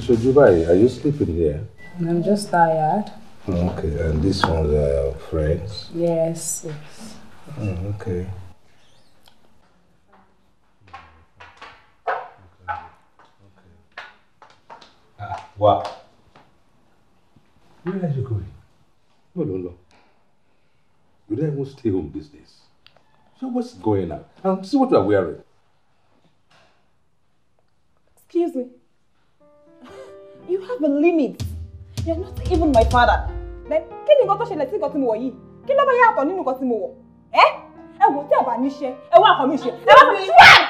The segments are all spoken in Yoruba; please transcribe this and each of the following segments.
Ishoju Dubai, are you sleeping here? I'm just tired. Okay, and this ones are friends? Yes, yes. Oh, okay. Ah, wow. Where are you going? No, no, no. You don't even stay home these days. So what's going on? And see what you are wearing. Excuse me. You have a limit. You're not even my father. Then can you go tó ṣẹlẹ̀ sí nǹkan tí mo wọ̀ yìí? Kí ló bá yàtọ̀ nínú nǹkan tí mo wọ̀? Ẹ eh? ẹ wò tí ẹ bá níṣẹ́, ẹ wá àkọ́ mi ṣe, ẹ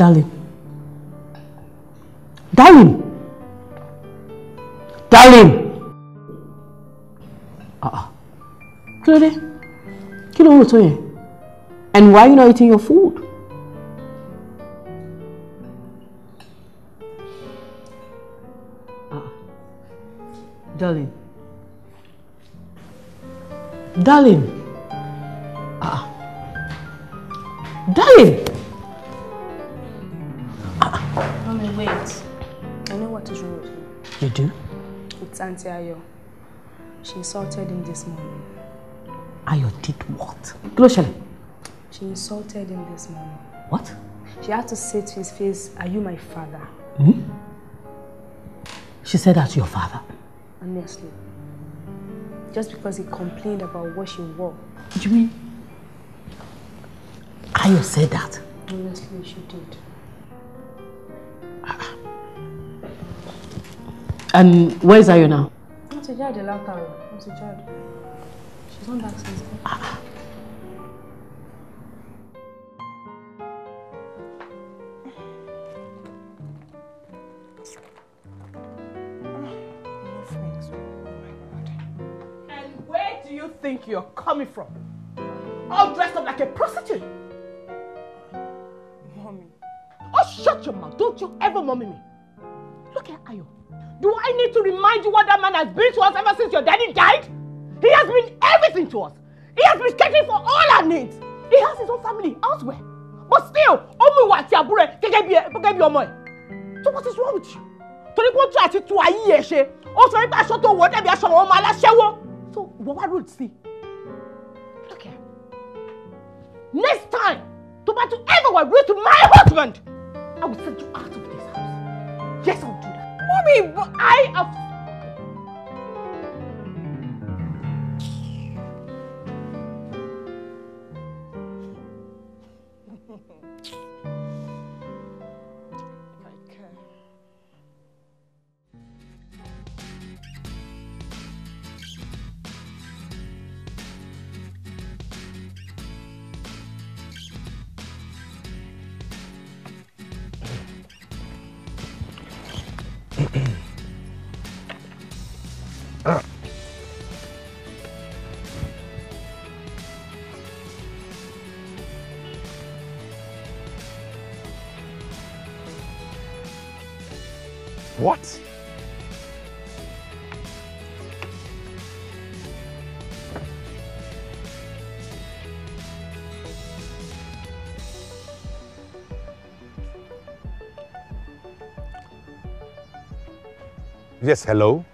Darling. Darling. Darling. Ah. ah. Kí ló dé? Kí ló ń rò tó yẹn? And why you not eating your food? Ah. ah. Darling. Darling. Ah. ah. Darling. Auntie Ayo. She insulted him this morning. Ayo did what? Kí She insulted him this morning. What? She had to say to his face, Are you my father? Hmm? She said that's your father. Honestly. Just because he complained about what she wore. What do you mean? Ayo said that? Honestly, she did. And where is Ayo now? I'm I'm a child. I'm a child. She's not that since then. do you think you're coming from? All dressed up like a prostitute. Mommy. Oh, shut your mouth. Don't you ever mommy me. Look at Ayo. Do I need to remind you what that man has been to us ever since your daddy died? He has been everything to us. He has been caring for all our needs. He has his own family elsewhere. But still, ọmọ ìwà àti àbúrò ẹ gẹ́gẹ́ bí ọmọ ẹ. So what is wrong with you? Torí pé ó tún àti tu ayé ẹ ṣe. Ó sọ wípé aṣọ tó wọ̀ dàbí aṣọ àwọn ọmọ aláṣẹ́wó. So ìwọ wá road sí. Look here. Next time, tó bá tún ever were rude to my husband, I will send you out of this house. Yes, I will do that. me, I have Yes, hello.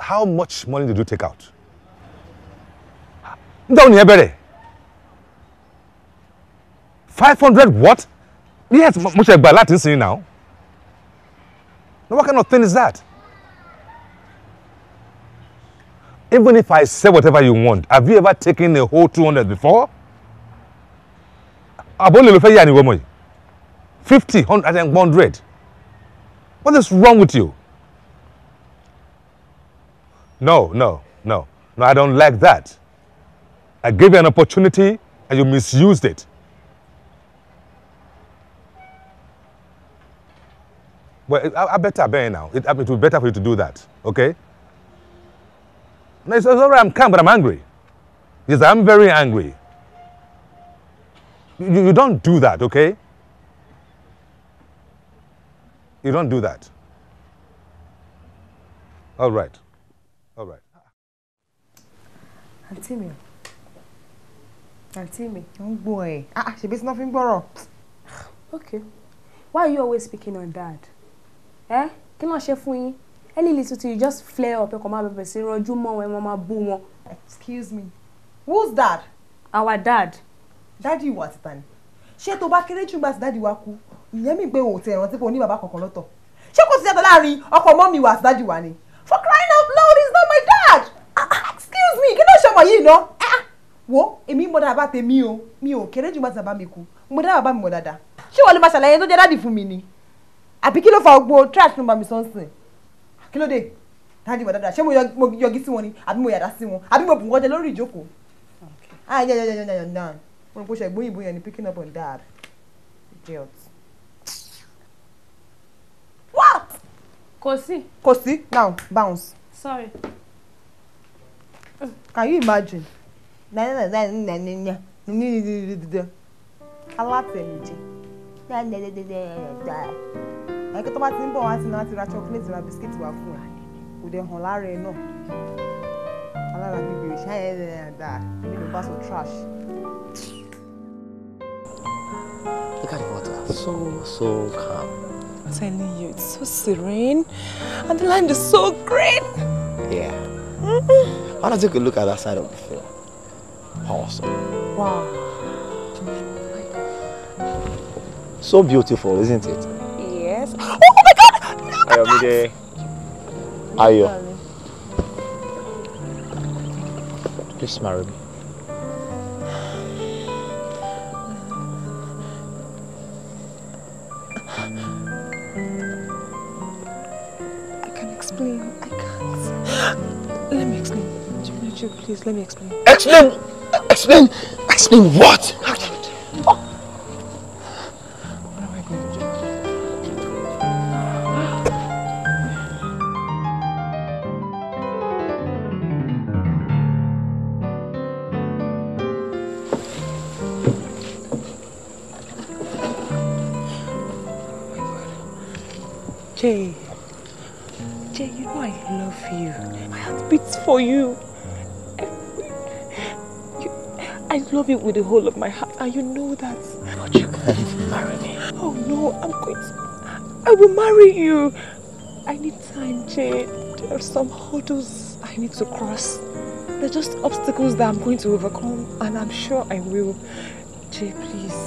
How much money did you take out? Down here, bẹ̀rẹ̀. Five hundred what? Yes, much ṣe gbà láti sin now. Now what kind of thing is that? Even if I say whatever you want, have you ever taken a whole two hundred before? Àbólè ló fẹ́ yà ni wọ́n mọ̀ yìí. Fifty hundred and one hundred. What is wrong with you? No, no, no. No, I don't like that. I gave you an opportunity and you misused it. Well, I, I better bear now. It, it would be better for you to do that, okay? No, it's, it's all right, I'm calm, but I'm angry. Yes, I'm very angry. You, you don't do that, okay? You don't do that. All right. All right. Auntie me, auntie me. Young boy. Ah, she ah, tí nothing fi ń Okay. Why are you always speaking on dad? Eh? Kí ló ń ṣe fún Any little thing you just flare up ẹ come máa bẹ̀bẹ̀ a rọjú mọ́ wọn mama boom. Excuse me. Who's dad? Our dad. Daddy ìwà àtìtàn. She tó bá kéré jù gbà tí dádì wa ìyẹn mi pé òun ti ẹ̀rántí pé o kankan lọ́tọ̀ ṣé kò sí yàtọ̀ láàrin ọkọ mọ́ mi wà àti wa ni for crying out loud is not my dad ah, ah, excuse me kí ló ṣe ọmọ yìí ná ah, wo èmi mọ dáadáa bá tèmi o mi ò kéré jù bá ti bàbá mi kú mo dáadáa bàbá mi mọ dáadáa ṣé wọ́n lè máa ṣàlàyé tó jẹ́ dáàdì fún mi ni àbí kí ló fa ogbó trash number mi sọ́nsìn kí ló dé dáàdì wà dáadáa ṣé mo yọgí sí wọn ni àbí mo yàrá sí wọn àbí mo bù wọ́n jẹ lórí ìjókòó ah yeah yeah yeah yeah yeah mo rò pé ṣe ìgbóyìnbó yẹn ni picking up on dad idiot. Kosi, Kosi, now bounce. sorry. can you imagine. alátẹ̀yìnjẹ ẹ̀kẹ́ tó bá ti ń bọ̀ wá sí náà ti ra chocolate ra biscuit wá fún ẹ kò dẹ̀ hàn lára ẹ náà alára bíbí rẹ̀ ṣáà ẹ̀ ẹ̀ dà nínú bá sọ trash. Look at the water, so so calm. I'm telling you, it's so serene and the land is so green. Yeah. Mm -hmm. Why not take a look at that side of the film? Awesome. Wow. So beautiful, isn't it? Yes. Oh, oh my God! Look Ayo, Mide. Ayo. Please marry me. Mm-hmm. explain. I can't. Let me explain. Please, let me explain. Explain! Explain! Explain what? love you with the whole of my heart, and you know that. But you can't marry me. Oh no, I'm going to... I will marry you. I need time, Jay. There are some hurdles I need to cross. They're just obstacles that I'm going to overcome, and I'm sure I will. Jay, please.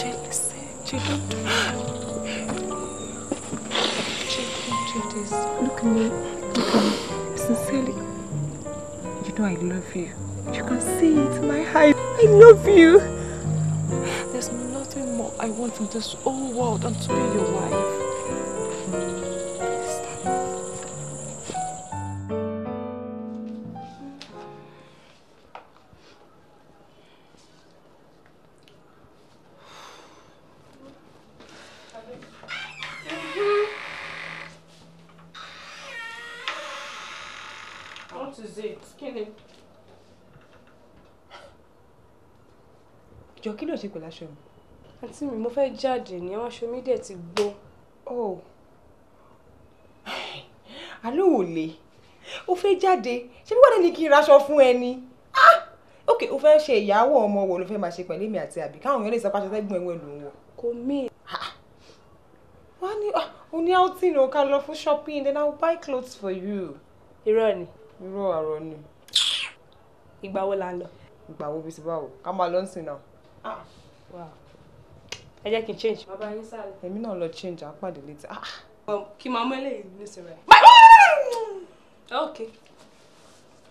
Jay, listen. Jay, don't Jay, don't do this. Look at me. know I love you. You can see it in my eyes. I love you. There's nothing more I want in this whole world than to be your wife. ṣe pẹ̀lú aṣọ mi. àǹtí mi mo fẹ́ jáde ní àwọn aṣọ mi dẹ̀ ti gbó. oh àlọ́ ò lè o fẹ́ jáde ṣé bí wọ́n ní kí n raṣọ fún ẹ ni ok o fẹ́ ṣe ìyàwó ọmọ wo ló fẹ́ máa ṣe pẹ̀lú èmi àti àbí káwọn èèyàn lè sọ pé aṣọ tẹ́gbọ̀n ẹ̀wọ̀n ló kò mí. wọ́n ní ah, o ní outing o ká lọ fún shopping then i will buy clothes for you. irọ́ ni. irọ́ àrọ́ ni. ìgbà wo la ń lọ. ìgbà wo bí ti báwo ká máa lọ náà. Ah. ẹ jẹ́ kí n change. bàbá yín sáré. èmi náà lọ change àpàdé létí. Ah. kí n máa mú eléyìí nísìnyí rẹ. ok.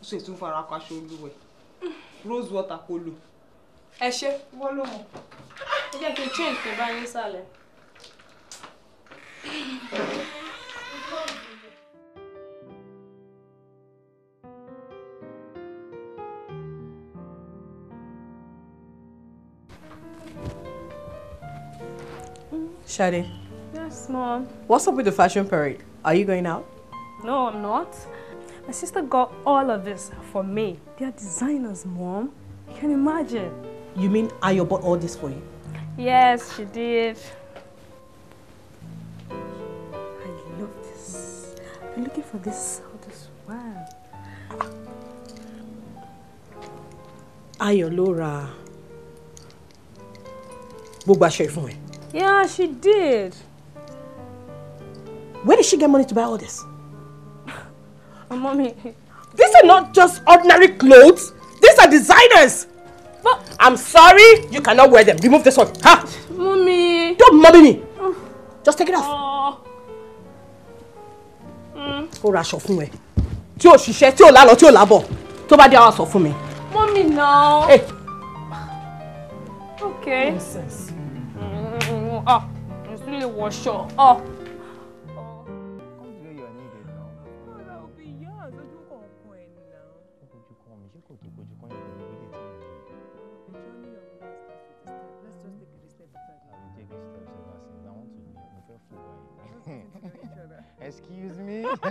ó sì tún fara pa aṣọ olúwẹ̀ rose water kò lò. ẹ ṣe wọ́n ló mọ̀. ẹ jẹ́ kí n change pé yín sálẹ̀. Shadi. Yes, mom. What's up with the fashion parade? Are you going out? No, I'm not. My sister got all of this for me. They are designers, mom. You can imagine. You mean Ayo bought all this for you? Yes, she did. I love this. i am looking for this out as well. Ayo ló Yeah, she did. Where did she get money to buy all this? oh, mommy. These are not just ordinary clothes. These are designers. But I'm sorry, you cannot wear them. Remove this one. Ha! Mommy. Don't mommy me. Oh. just take it off. Oh. Mm. ra aṣọ fún ẹ. Tí ò ṣiṣẹ́, tí ò lálọ, tí ò lábọ̀. Tó bá dé àwọn aṣọ fún Mommy now. Hey. Eh. Okay. Nonsense. Oh, still oh. oh. Excuse me? I'll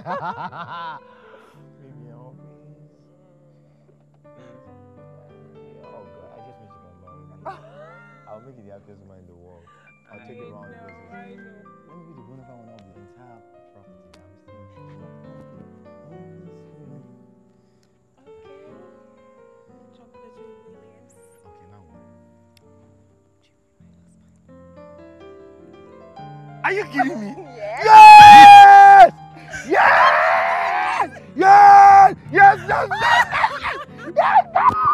make the happiest man in the world. I'll take it know, Let me be the the entire property I'm Okay. Chocolate Okay, now what? Are you kidding me? yes! Yes! Yes! Yes! Yes! Yes! yes! yes! yes! yes!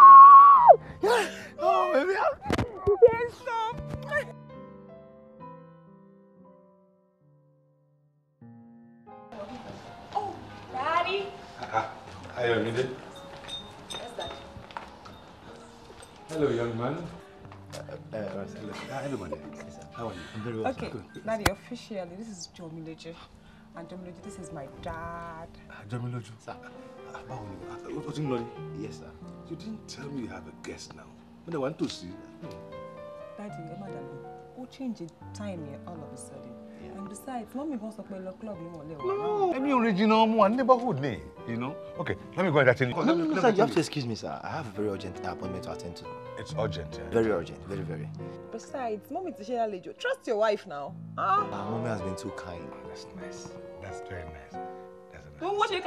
Ayomide. Yes, Dad. Hello, young man. Uh, uh, uh hello. Uh, hello, Mother. Yes, How are you? I'm very well. Okay, good. Daddy, officially, this is Jomileju. And Jomileju, this is my dad. Uh, Sir. how are you? ti ń lọ Yes, sir. You didn't tell me you have a guest now. But I want to see. Daddy, your mother ó change time yẹn all of a sudden yeah. and besides mọ́mí kan sọ pé lọ club ni wọ́n lè wà. no ẹbí original mu wa neighborhood ni you know okay let me go and attend. no no no sir you have to excuse me sir i have a very urgent appointment to attend to. it's urgent. Yeah. very urgent very very. besides mọ́mí ti ṣe àlejò trust your wife now. ah, ah mọ́mí has been too kind. that's nice that's very nice. all right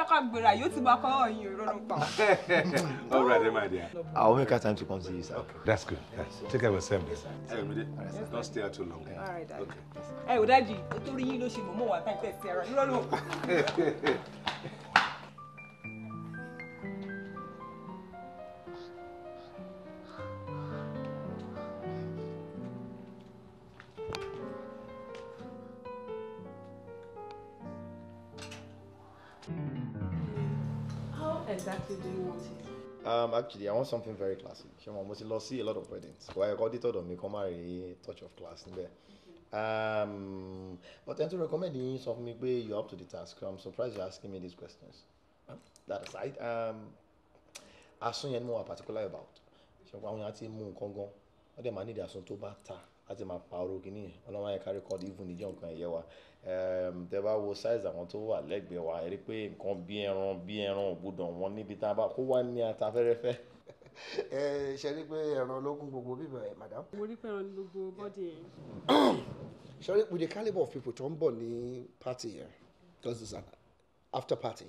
then my dear. i will make a time to come see you sir. okay that's good Yes, take care of yourself then. ẹ mi don't stay out too long. All right, ò dájú o torí yín ló ṣe mọ̀mọ́ wà táyì tẹ̀sí ara yín know. exactly do you want here? Um, actually, I want something very classic. Mo ti lọ see a lot of weddings. Why I auditor don me come marry touch of class níbẹ̀. Um, but then to recommend yín sọ fún mi you up to the task. I'm surprised you're asking me these questions. That aside, um, soon as ni mo wà particular about. Ṣé àwọn yẹn á ti mú nǹkan gan. Wọ́n dẹ̀ máa ní ìdí ta a ti máa pààrọ̀ kínní yẹn ọlọ́wọ́n yẹn kárí kọ́ọ̀dù ìfún níjọ́ nǹkan ẹ̀yẹ wa tẹ bá wo size àwọn tó wà lẹ́gbẹ̀ẹ́ wa rí pé nǹkan bí ẹran bí ẹran ògbúdọ̀ wọn níbi tá a bá kó wá ní ata fẹ́rẹ́fẹ́. ẹ ṣe rí pé ẹran ológun gbogbo bíbẹ ẹ madam. mo rí pé ẹran ní gbogbo bọ́dì yẹn. sorry with the calibre of people tó ń bọ̀ ní party yẹn because it's an after party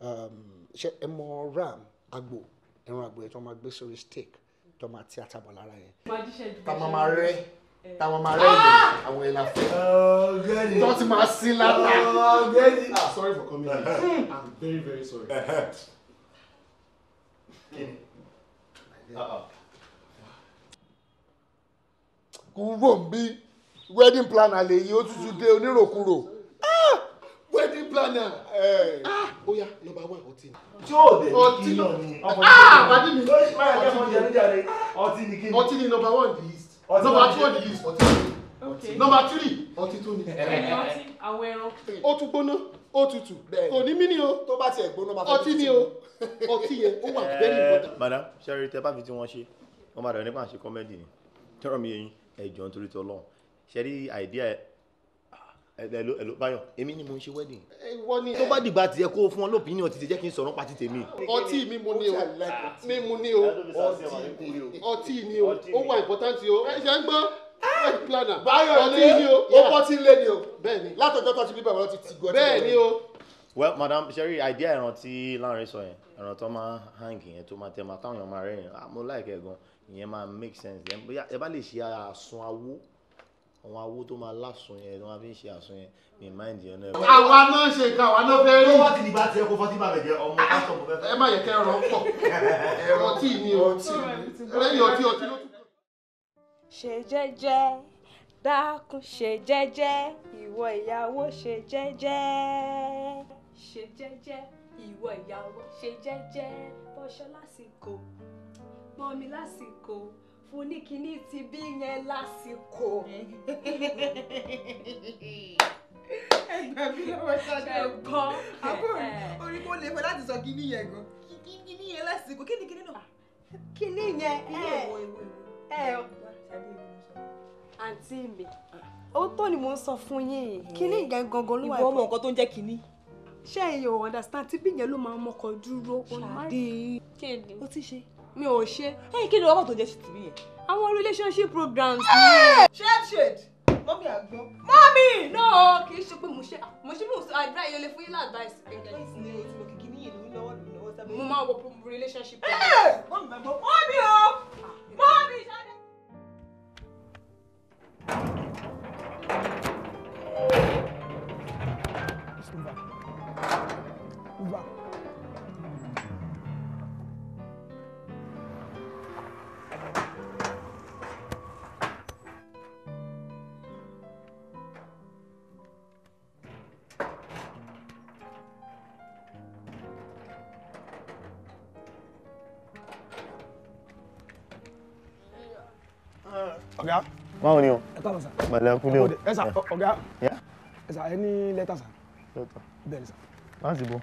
um, ṣe ẹ mọ ram agbo ẹran agbo yẹn tó máa gbé sórí steak tó máa ti àtàbọ̀ lára yẹn. ká máa máa rẹ́ táwọn máa rẹ́ ìlú àwọn ẹ̀là fẹ́ tó ti máa sí lára. Ah, sorry for coming in hmm. i'm very very sorry. kúrò ń bí wedding planner lèyí ó tútù dé onírokúrò ah! wedding planner eh. ah, ó yá lọ́ba wá ọtí ni. tí ó dé ní kí náà ni. ọtí ni ọtí ni ọtí ni ọtí ni ọtí ni number one yìí number two ọ̀dì yìí ọtí tó number three ọtí tó ni. Eh, eh, eh. àwọn ẹran. ó tún gbóná ó tutù kò ní mí ni o tó bá tiẹ̀ gbóná máa fẹ́ ọtí ni o ọtí yẹn ó wà very important. madam sẹ́rí tẹ́ bá fi tí wọ́n ṣe wọ́n máa dàgbà nípa àṣekọ́mẹ́dì ni tẹ́rọ̀ mi yẹn ẹ̀jọ̀ nítorí tọ́lọ́ sẹ́rí àìdíà ẹlò ẹlò Báyọ̀ èmi ni mo ń ṣe wedding. ìwọ ni ẹ tó bá dìgbà tiẹ̀ kó o fún ọ lópinion ti ti jẹ́ kí n sọ̀rọ̀ pàtí tèmi. ọtí mi mu ni o mi mu ni o ọtí ni o ó wà important o ẹ ṣe ń gbọ́ wedding planner Báyọ̀ ọtí ni o ó bọ́ tí lé ni o bẹ́ẹ̀ni látọjọ́ tó ti bí bàbá ti ti gọ bẹ́ẹ̀ni o. well madam Sherry idea ẹran tí Lanre sọ yẹn ẹran tó máa hang yẹn tó máa tẹ máa táwọn èèyàn máa ah, mo like ẹ̀ gan ìyẹn máa make sense ẹ bá lè ṣe àsun awó àwọn awó tó máa lásùn yẹn tó máa fi ń ṣe àsùn yẹn ní mind yẹn náà. àwa náà ṣe ká àwa náà fẹ́ẹ́ rí. tó bá ti di bá tiẹ̀ kó fọ́tí bàbẹ̀ jẹ ọmọ ah, pásítọ̀ mo fẹ́ fẹ́. ẹ má yẹ kẹ́ ẹ̀rọ pọ̀ ẹ̀rọ tí ni o lẹ́yìn ọtí ọtí ló tún. ṣe jẹ́jẹ́ dákun ṣe jẹ́jẹ́ ìwọ ìyàwó ṣe jẹ́jẹ́ ṣe jẹ́jẹ́ ìwọ ìyàwó ṣe jẹ́jẹ́ bọ́ṣọ lásìkò pọ́nmi lásìkò fún ní kinní ti bí yẹn lásìkò. ẹgbẹ́ mi lọ́wọ́ sọ́dọ̀ ẹ̀gbọ́n. àbúrò orí kò lè fẹ́ láti sọ kinní yẹn gan. kinní yẹn lásìkò kí ni kinní náà. kinní yẹn ẹ ẹ àǹtí mi ó tó ni mò ń sọ fún yín hmm. kinní yẹn gangan ló wà. ìwọ ọmọ nǹkan tó ń jẹ́ kinní ṣé ẹ̀yin ò understand tí bí yẹn ló máa mọkọ dúró. ṣáà dé kí ni. ó ti ṣe mi ò ṣe ẹ̀yìn kí ni ọmọ tó jẹ́ sí tìbí yẹn àwọn relationship programs ni. shade shade mọ́mí àgbọ̀. mọ́mí. no. kì í ṣe pé mo ṣe mo ṣe mo àdúrà yẹn lè fún yín láàdváìsì. advice ni oṣù kìkì ní ìlú lọ́wọ́ lọ́wọ́ sábẹ́. mo máa wọ relationship. mọ́mí àgbọ̀ mọ́mí o mọ́mí ṣáde. báwo ni o. ẹ káàbọ̀ sà. màlẹ́ kúlé o. ẹ sà ọ̀gá ẹ sà ẹ ní lẹ́tà sà. lẹ́tà bẹ́ẹ̀ sà. láti bọ́.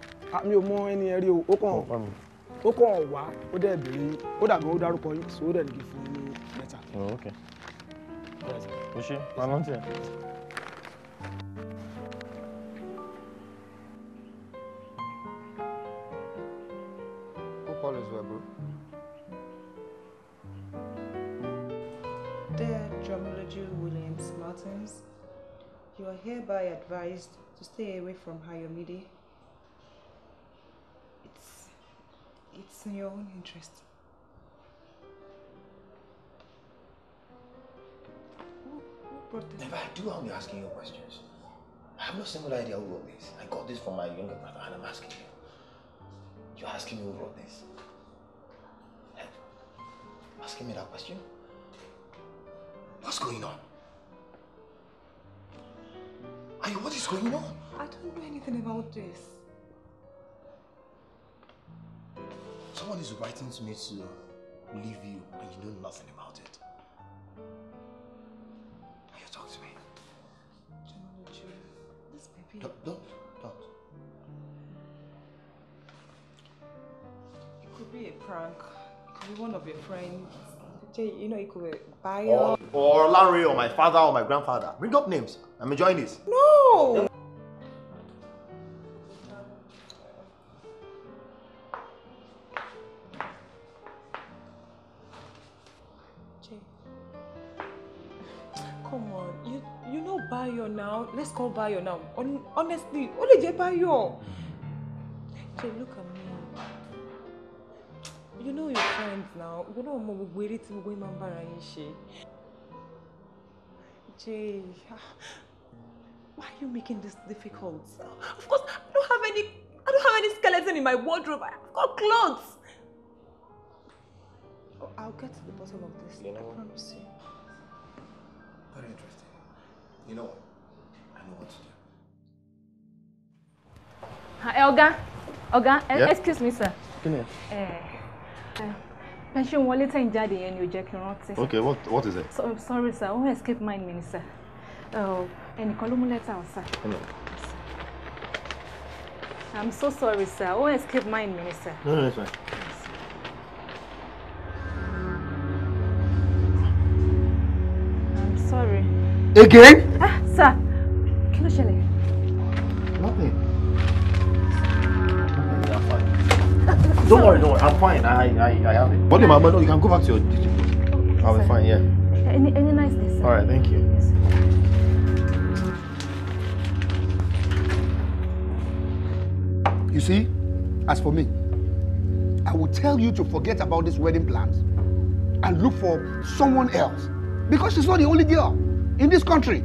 mi ò mọ ẹni ẹ rí o ó kàn ó kàn wá ó dẹ̀ bèrè ó dàgbà ó dárúkọ yín sòwò dẹ̀ nìkì fún yín ní lẹ́tà. Oh, ok o ṣe máa lọ́ntì ẹ̀. advised to stay away from Hayomide. It's, it's in your own interest. Never, I do I'm asking you questions. I have no single idea who wrote this. I got this from my younger brother and I'm asking you. You're asking me who wrote this? Asking me that question? What's going on? What is going on? I don't know anything about this. Someone is writing to me to leave you and you know nothing about it. you talk to me. this baby... Don't, don't, don't. It could be a prank. It could be one of your friends. You know, it could be Or, or Larry or my father or my grandfather. Bring up names. I'm enjoying this. No! come on. You you know Bayo now. Let's call Bayo now. On, honestly, only Jay Bayo. Jay, look at me. You know your friends now. You know mo waiting eré tí gbogbo ẹ̀ máa ń Jay. Why are you making this difficult? Of course, I don't have any, I don't have any skeleton in my wardrobe. I've got clothes. Oh, I'll get to the bottom of this. You know I promise you. Very interesting. You know what? I know what to do. Uh, eh, Olga, Olga, eh, yeah? excuse me, sir. Come here. Uh, uh, pension wallet tẹ̀yìn jáde and you ò jẹ́ kí n Okay, what, what is it? So, sorry, sir. I won't escape mind, minister. Uh, oh. ẹnìkan ló mú lẹ́tà ọ̀sà. I'm so sorry, sir. Oh, escape my minister. No, no, it's fine. I'm sorry. Again? Ah, sir. Kí ló ṣẹlẹ̀? Nothing. Nothing. Don't worry, don't worry. I'm fine. I, I, I have it. What do you, my brother? You can go back to your. I'll be fine. Yeah. Any, any nice day, sir. All right. Thank you. Yes, sir. You see, as for me, I will tell you to forget about these wedding plans and look for someone else because she's not the only girl in this country.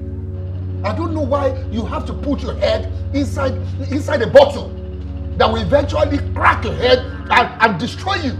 I don't know why you have to put your head inside inside a bottle that will eventually crack your head and, and destroy you.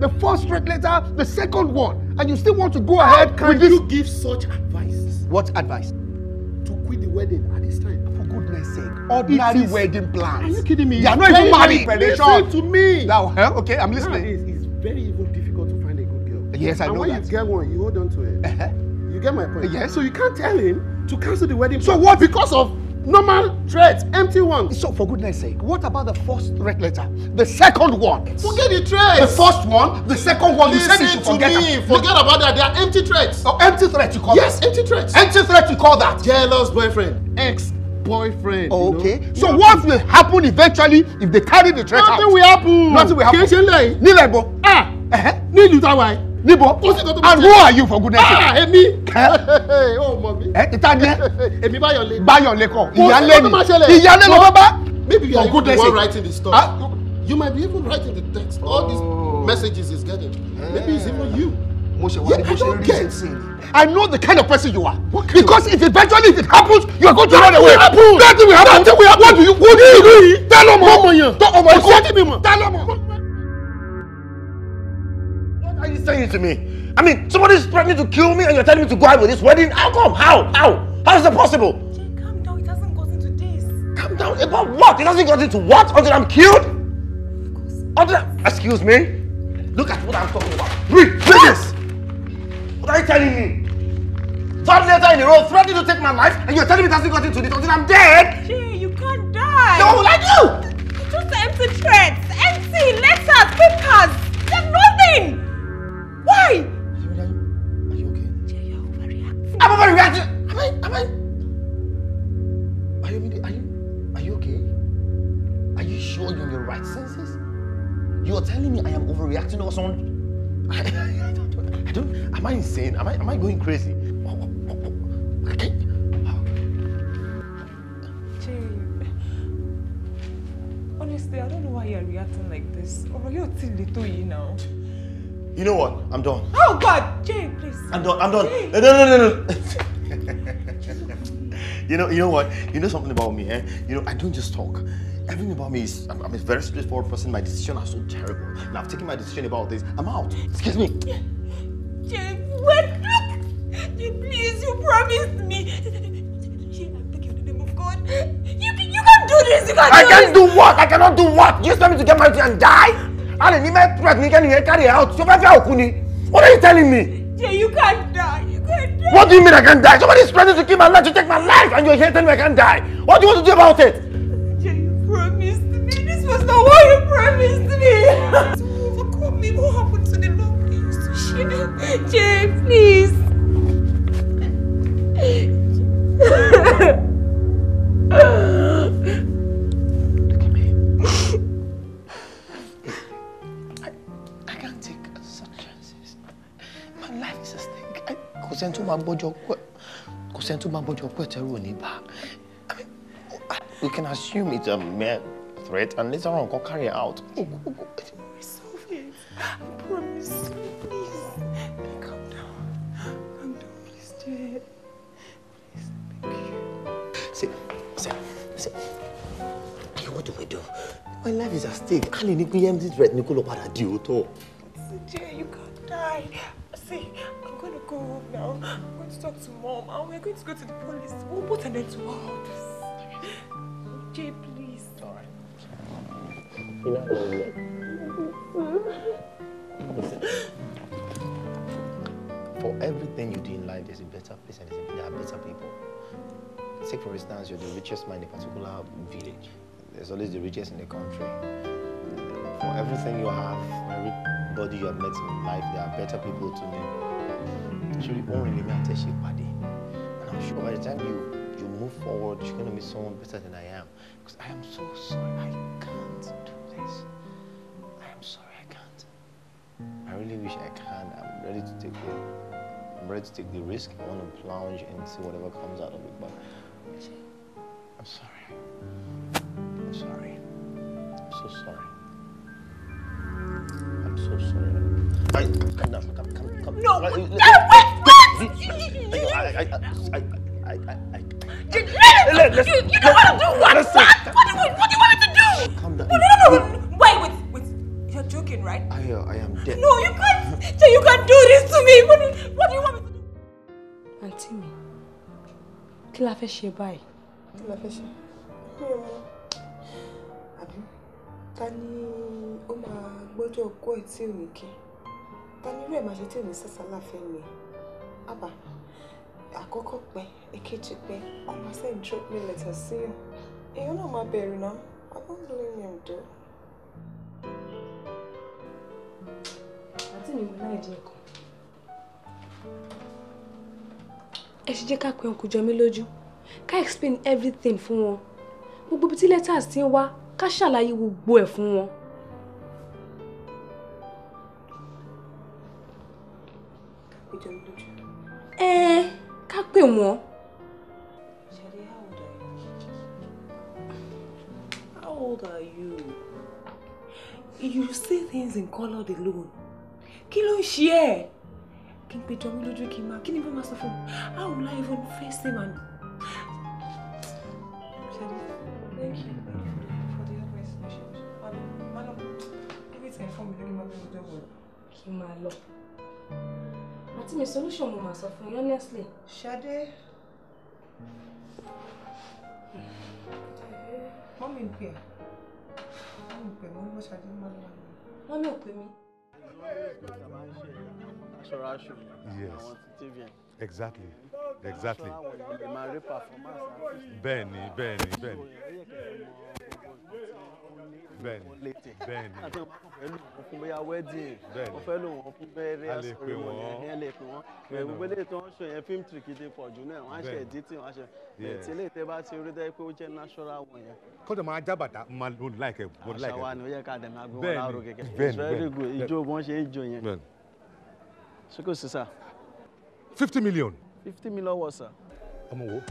The first straight letter, the second one, and you still want to go ahead. Can you this? give such advice? What advice? To quit the wedding at this time. goodness sake ordinary is, wedding plans. are you kidding me. they are not even married. very to me. now huh? okay i'm listening. nowadays it's very even difficult to find a good girl. yes i and know that. and when you get one you hold on to it. Uh-huh. you get my point. yes. so you can't tell him to cancel the wedding. so plan. what because of normal threats empty ones. so for goodness sake what about the first threat letter the second one. forget the threats. the first one the second one Listen you said you should forget am. listen forget no. about that they are empty threats. oh empty threats you call yes, that. yes empty threats. empty threats you call that. jealous boyfriend ex boyfriend. okay. You know? So yeah. what will happen eventually if they carry the threat out? Nothing will happen. Nothing will happen. Kì í ṣe lẹ́yìn. Nílẹ̀ ìbọn. Ah! Ní ìlú táwa yìí. Níbo? Ó sì kò tó And who are you for goodness sake? Ah! Èmi. Ó mọ̀ mí. Ẹ ìta ni ẹ. Èmi Báyọ̀lé. Báyọ̀lé kọ̀. Ìyálé ni. Ìyálé ló bá bá. Maybe you are the one writing the story. Ah. You might be even writing the text. All these oh. messages he's getting. Maybe it's even you. mo ṣe wá ní bó ṣe ń I know the kind of person you are. What because you? if eventually if it happens, you are going to that run away. That will happen. That will happen. That will happen. What do you what do you do? Tell him. Ọmọ yẹn. Tọ́ ọmọ yẹn. Tell ọmọ. What are you saying to me? I mean, somebody is threatening to kill me and you're telling me to go out with this wedding? How come? How? How? How is that possible? Jay, calm down. It hasn't got into this. Calm down? About what? It hasn't got into what? Until I'm killed? Of course. Until I... Excuse me? Look at what I'm talking about. Read, read what are you telling me? Third letter in a row, threatening to take my life, and you're telling me it hasn't gotten to this until I'm dead? Jay, you can't die. No, like you! It's just empty threats, empty letters, papers. They're nothing. Why? Are you, are are you okay? Jay, you're overreacting. I'm overreacting. Am I? Am I? Are you? Are you? Are you okay? Are you sure you're in your right senses? You're telling me I am overreacting or something? am I insane? Am I, am I going crazy? Honestly, I don't know why you're reacting like this. Or you're still little you now. You know what? I'm done. Oh God, Jay, please. I'm done. I'm done. Jay. No, no, no, no. you know, you know what? You know something about me, eh? You know, I don't just talk. Everything about me is, I'm, I'm a very straightforward person. My decisions are so terrible. And I've taken my decision about this. I'm out. Excuse me. Yeah. promised me. I beg you in the name of God. You, can't do this. You can't I can't do what? I cannot do what? You expect me to get married and die? I didn't even pregnant and carry her out. What are you telling me? Yeah, you can't die. You can't die. What do you mean I can't die? Somebody's threatening to kill my life, to take my life, and you're here telling me I can't die. What do you want to do about it? Jay, you promised me. This was not what you promised me. overcome me. What happened to the love you used to share? Jay, please. Look at me. I, I can't take such chances. My life is at stake. I, sẹ́ni tó máa gbọ́jọ pẹ́ kò sẹ́ni tó máa gbọ́jọ pẹ́ tẹ́rù ò ní bá. I mean, we can assume it's a mere threat and later on go carry it out. I promise. Say, say, say. Hey, what do we do? My life is at stake. Kálí ní pé empty threat ni kó lọ padà di you can't die. See, I'm going to go home now. I'm going to talk to mom and we're going to go to the police. We'll put an end to all this. Jay, please. Sorry. right. know not For everything you do in life, there's a better place and there are better people. Take for instance, you're the richest man in a particular village. There's always the richest in the country. For everything you have, everybody you have met in life, there are better people to meet. Hmm. Actually, one really matters she body. And I'm sure by the time you, you move forward, you're gonna meet someone better than I am. Because I am so sorry, I can't do this. I am sorry, I can't. I really wish I can. I'm ready to take the I'm ready to take the risk. I want to plunge and see whatever comes out of it. But I'm sorry. I'm sorry. I'm so sorry. I'm so sorry. I, come Come, come, come. No, I, no, wait, what? I, I, I, I, I, Let, let's, you, you don't want to do what? Listen. What? What do you, what do you want to do? Calm down. No, no, no, no. Wait, wait, wait. You're joking, right? I, uh, I am dead. No, you can't. So you can't do this to me. What, what do you want me to do? Auntie me. kí la fẹ́ ṣe báyìí. kí la fẹ́ ṣe hmm. àbí ta ni ó máa gbọ́dọ̀ kó ẹ̀ tí òun kí ta ni irú ẹ̀ máa ṣe tí òun sàṣàlà fẹ́ mi àbá àkọ́kọ́ pẹ́ èkejì pẹ́ ọmọ sẹ́yìn drop me letter sí ọ èèyàn náà máa bẹ̀rù náà I don't blame him though. àti láì dín ẹ̀kọ́. ẹ ṣe jẹ́ ká pe ọkùnrin jọ mí lójú ká explain everything fún wọn gbogbo ibi tí letters ti ń wá ká ṣàlàyé gbogbo ẹ̀ fún wọn. ẹ ká pè wọ́n. How old are you? You see things in colour alone. Kí ló ń ṣe ẹ́? kí n péjọ mi lójú kí n máa kí ni bá máa sọ fún un how will I even face him and. thank you for the advice you shared madam madam everything fún mi lórí ma bẹ̀rù jẹ́ wọ̀rọ̀. kí n máa lọ àti mi solution mo máa sọ fún yín honestly. Ṣadé. mọ́mí ń pè mọ́mí ń pè mọ́mí ń pè mọ́mí ń pè mí. wọ́n ní òpè mi natural show. Yes. Àwọn ti TVN. Exactly. Exactly. Bẹ́ẹ̀ni, bẹ́ẹ̀ni, bẹ́ẹ̀ni. Bẹ́ẹ̀ni, bẹ́ẹ̀ni. Àti ọmọ pẹ̀lú òun fún bóyá wedding. Bẹ́ẹ̀ni. Mo fẹ́ lò wọ́n fún bẹ́ẹ̀rẹ́ àsọ̀rọ̀ wọn. Ẹ lè pè wọ́n. Bẹ́ẹ̀ni. Gbogbo eléyìí tó ń ṣe yẹn fíìmù tìrìkì ti pọ̀ jù náà. Wọ́n á ṣe editing, wọ́n á ṣe. Bẹ́ẹ̀ni. Tí eléyìí tẹ́ bá ti rí dẹ́ pé ó jẹ́ natural wọn yẹn. Kọ́dọ̀ máa jábàtà, mo like ẹ̀. Àṣà wa ni ó yẹ ká dẹ̀ máa gbé wọn lárugẹ kẹ́kẹ́. Bẹ́ẹ̀ni, bẹ́ẹ̀ni. Ìjọ Sokosi sir. fifty million. fifty million wọ sir. ọmọ wo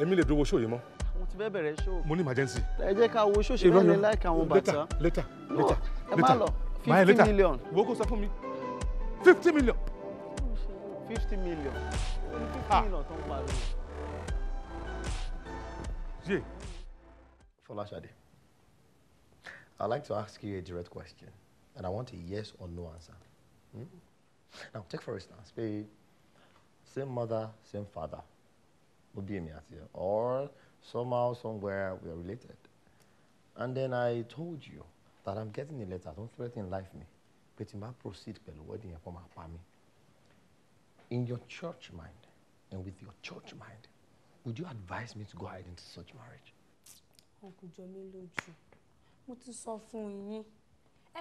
èmi lè dúró wo show yìí mọ́. mo ti fẹ́ bẹ̀rẹ̀ show. mo ní emergency. ẹ jẹ́ ká wo show ṣe bẹ́ẹ̀ ni láìka àwọn bàtà. later later later. ẹ má lọ fifty million. wo kò sọ fún mi fifty million. fifty million. fifty million tó ń pariwo. yé. Folashade, I'd like to ask you a direct question, and I want a yes or no answer. Hmm? Now, take for instance, be same mother, same father, ló be èmi àti ẹ, or somehow, somewhere we are related. And then I told you that I'm getting a letter, don't threaten life me, but tí n bá proceed pẹ̀lú wedding yẹn kó máa pa mí. In your church mind and with your church mind, would you advise me to go ahead into such marriage? Uncle Jọmí lójú, mo ti sọ fún yín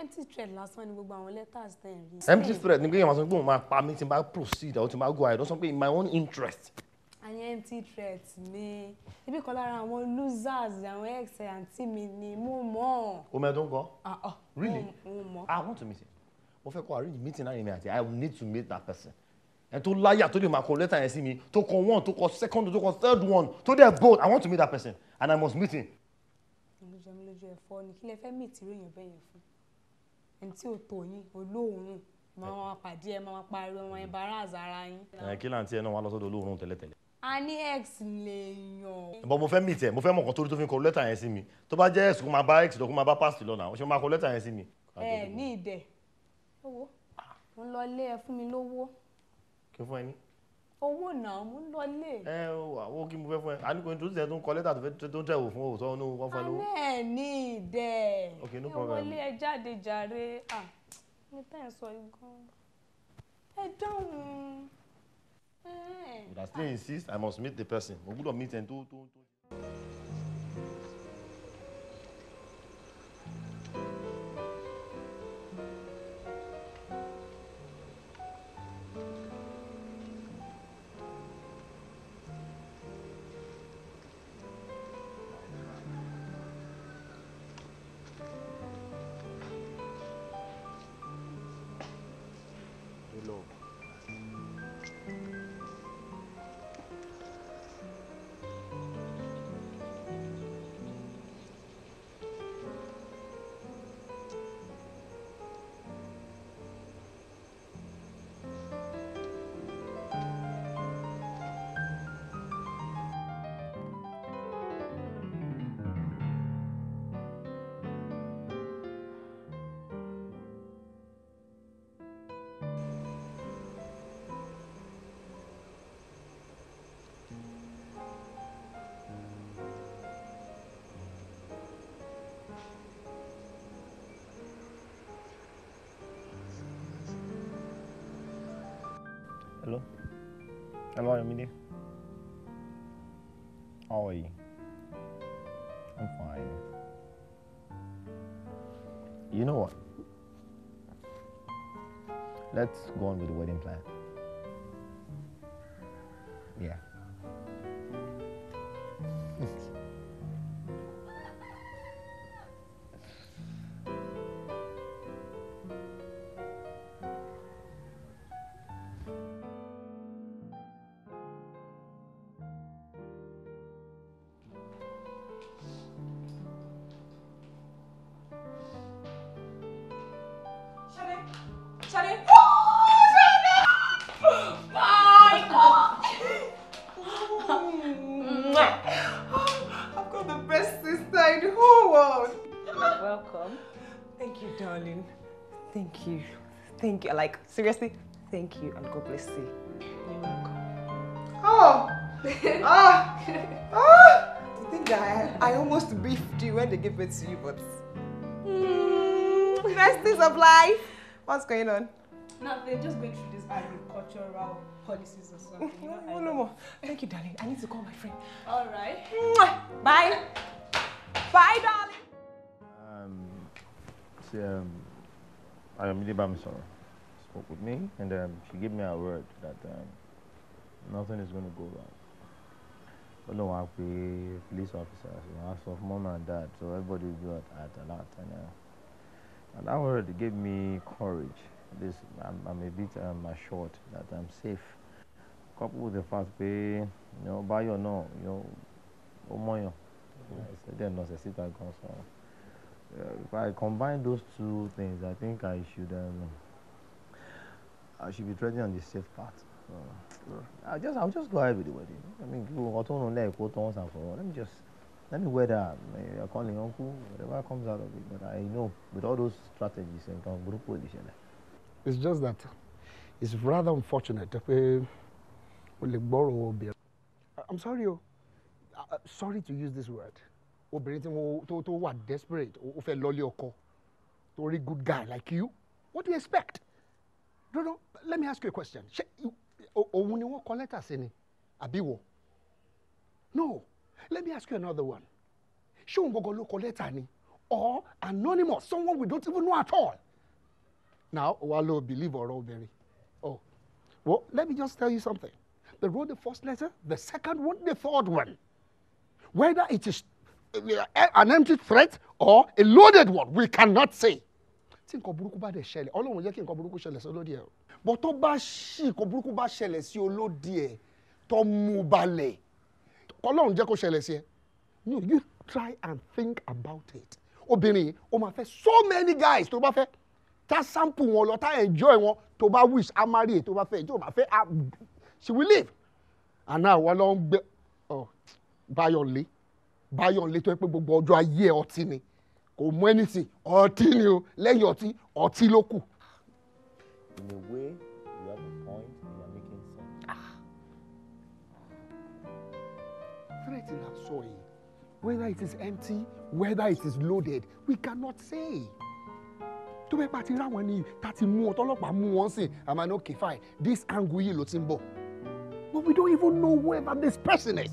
empty thread lásán ni gbogbo àwọn letters tẹ̀ ń rí. empty thread ni pé èèyàn máa sọ pé òun máa pa mí tí n bá proceed àwọn tí n bá go ahead ó sọ pé in my own interest. àyẹn empty thread ni ibi kan lára àwọn losers àwọn ex àǹtí mi ni mo mọ̀. o mẹ tó Ah, ah, really mo mọ. Ah, i want to meet him mo fẹ́ kó arrange meeting láàrin mi àti i need to meet that person ẹ tó láyà tó lè máa kọ lẹ́tà yẹn sí mi tó kọ one tó kọ second tó kọ third one tó dẹ̀ bold i want to meet that person and i must meet him. ìlú jẹ́ mi lójú ẹ̀fọ́ ni kí lẹ fẹ́ meet irú èèyàn bẹ́ẹ̀ yẹn fún ẹni tí ò tó yín olóòórùn máa wọn pàdé ẹ máa pariwo wọn hmm. ẹ bára àzàrà yín. kí láǹtí ẹ náà wà lọ́sọ̀dọ̀ olóòórùn tẹ́lẹ̀tẹ́lẹ̀. a ní x lè yàn. bọ́ mo fẹ́ mì tẹ̀ mo fẹ́ mọ̀ nǹkan torí tó fi kọ lẹ́tà yẹn sí mi tó bá jẹ́ x kó máa bá x lọ kó máa bá past lọ́nà ó ṣe máa kọ lẹ́tà yẹn sí mi. ẹ ní ìdẹ owó mo lọ lé ẹ fún mi lówó. kí fún ẹ ní owó náà mú lọ lè. ẹ o àwọn kí mo fẹ́ fún ẹ àní kò ní tòótì ẹ tó ń kọ lẹ́tà tó ń tẹ̀wò fún òótọ́ ní wọ́n fún ẹ lówó. alẹ́ ní ìdẹ ẹ wọlé ẹ jáde jàre mi tẹ́ ẹ sọ igun ẹ dáhùn. if i still insist i must meet the person mo gbọ́dọ̀ meet ẹni tó tó tó. Hello? Hello, How are you? I'm fine. You know what? Let's go on with the wedding plan. Yeah. Seriously, thank you and God bless you. You're welcome. Oh! ah! I ah! think I, I almost beefed you when they gave it to you, but... Mm, best days of life! What's going on? No, they're just going through this agricultural policies or something. Oh, no, no, no more. Thank you, darling. I need to call my friend. All right. Bye. Bye, darling. Um, see, um, I am Nibam sorry. spoke with me, and um, she gave me a word that um, nothing is going to go wrong. But no, I'll be police officers, you know, so mom and dad, so everybody will be at, at alert. And, uh, and that word gave me courage. This I'm, I'm a bit um, assured that I'm safe. Coupled with the fact that, you know, by your no, you know, Omoyo. Mm. Then no sita concern. Uh, if I combine those two things, I think I should. Um, I should be treading on the safe path. Uh, so, I just, I'll just go ahead with the wedding. I mean, people want to know like once and for all. Let me just, let me wear that. I'm calling uncle, whatever comes out of it. But I know with all those strategies and kan group position. It's just that it's rather unfortunate pé o lè gbọ́rọ̀ I'm sorry o, oh, sorry to use this word. Obìnrin tí to tó tó wà desperate, ó fẹ́ lọ́lé ọkọ, tó good guy like you, what do you expect? No, no. let me ask you a question ṣé òun ni wọ́n kọ lẹ́tà sí ni àbí wọ́ no let me ask you another one ṣé òun gbọ́gbọ́ ló kọ lẹ́tà ni or anonymous someone we don't even know at all now wà ló believe ọ̀rọ̀ obìnrin oh well let me just tell you something they wrote the first letter the second one the third one whether it is uh, an empty threat or a loaded one we cannot say tí nǹkan burúkú bá dẹ̀ ṣẹlẹ̀ ọlọ́run jẹ́ kí nǹkan burúkú ṣẹlẹ̀ sí olódì o bọ́ tó bá ṣì nǹkan burúkú bá ṣẹlẹ̀ sí olódì tó mú balẹ̀ ọlọ́run jẹ́ kó ṣẹlẹ̀ sí ẹ no you try and think about it obìnrin yìí o máa fẹ́ so many guys tó bá fẹ́ ta sample wọn lọ ta enjoy wọn tó bá wish a marry tó bá fẹ́ tó bá fẹ́ she will live and now wọn lọ ń gbé oh, bayọ̀lé bayọ̀lé tó yẹ pé gbogbo ọjọ́ ayé ọtí ni kò mú anything ọtí ni o lẹ́yìn ọtí ọtí ló kù. in a way you have a point you are making sense. Ah. whether it is empty whether it is loaded we cannot say tó bẹ́ẹ̀ bá ti rá wọn ní ta ti mú wọn tọ́lọ́pàá mú wọn sí àmàlà okay fine this angle yìí ló ti ń bọ̀ but we don't even know whoever this person is.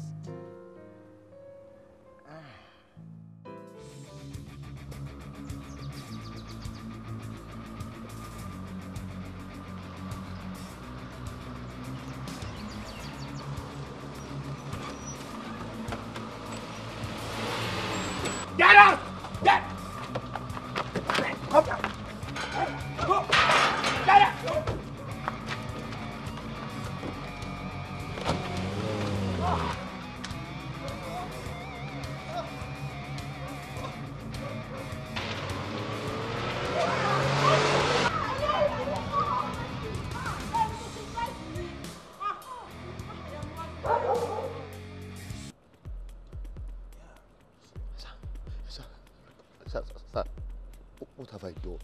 door.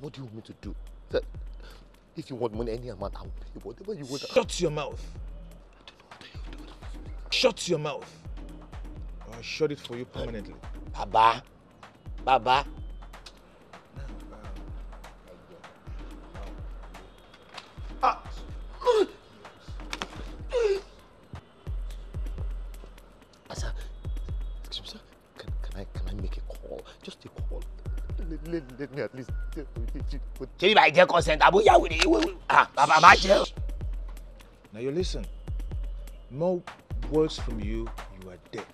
what do you want me to do? That if you want money, any amount, I will pay whatever you want. Shut your mouth. Shut your mouth. Or I'll shut it for you permanently. Baba. Baba. ṣé ibà jẹ́ consent àbó yàwó rè wéwé ah bàbá now you listen no words from you you are dead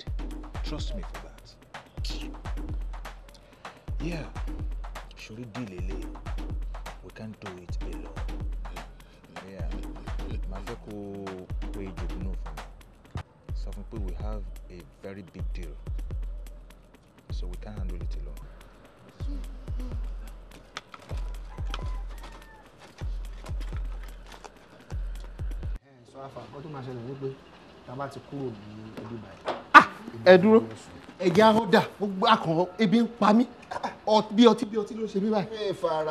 trust me for that. yeah ṣòro di lele we can't do it alone. yeah my fẹ́ kó o ìjòkó náà fún mi we have a very big deal so we can't handle it alone. afa ó tún máa ṣẹlẹ̀ wípé tá a bá ti kúrò ní ibi báyìí. Ah! ẹ dúró ẹ̀jẹ̀ ahọ́n dà gbogbo akàn ebi ń pa mí bí ọtí bí ọtí ló ṣe mí báyìí.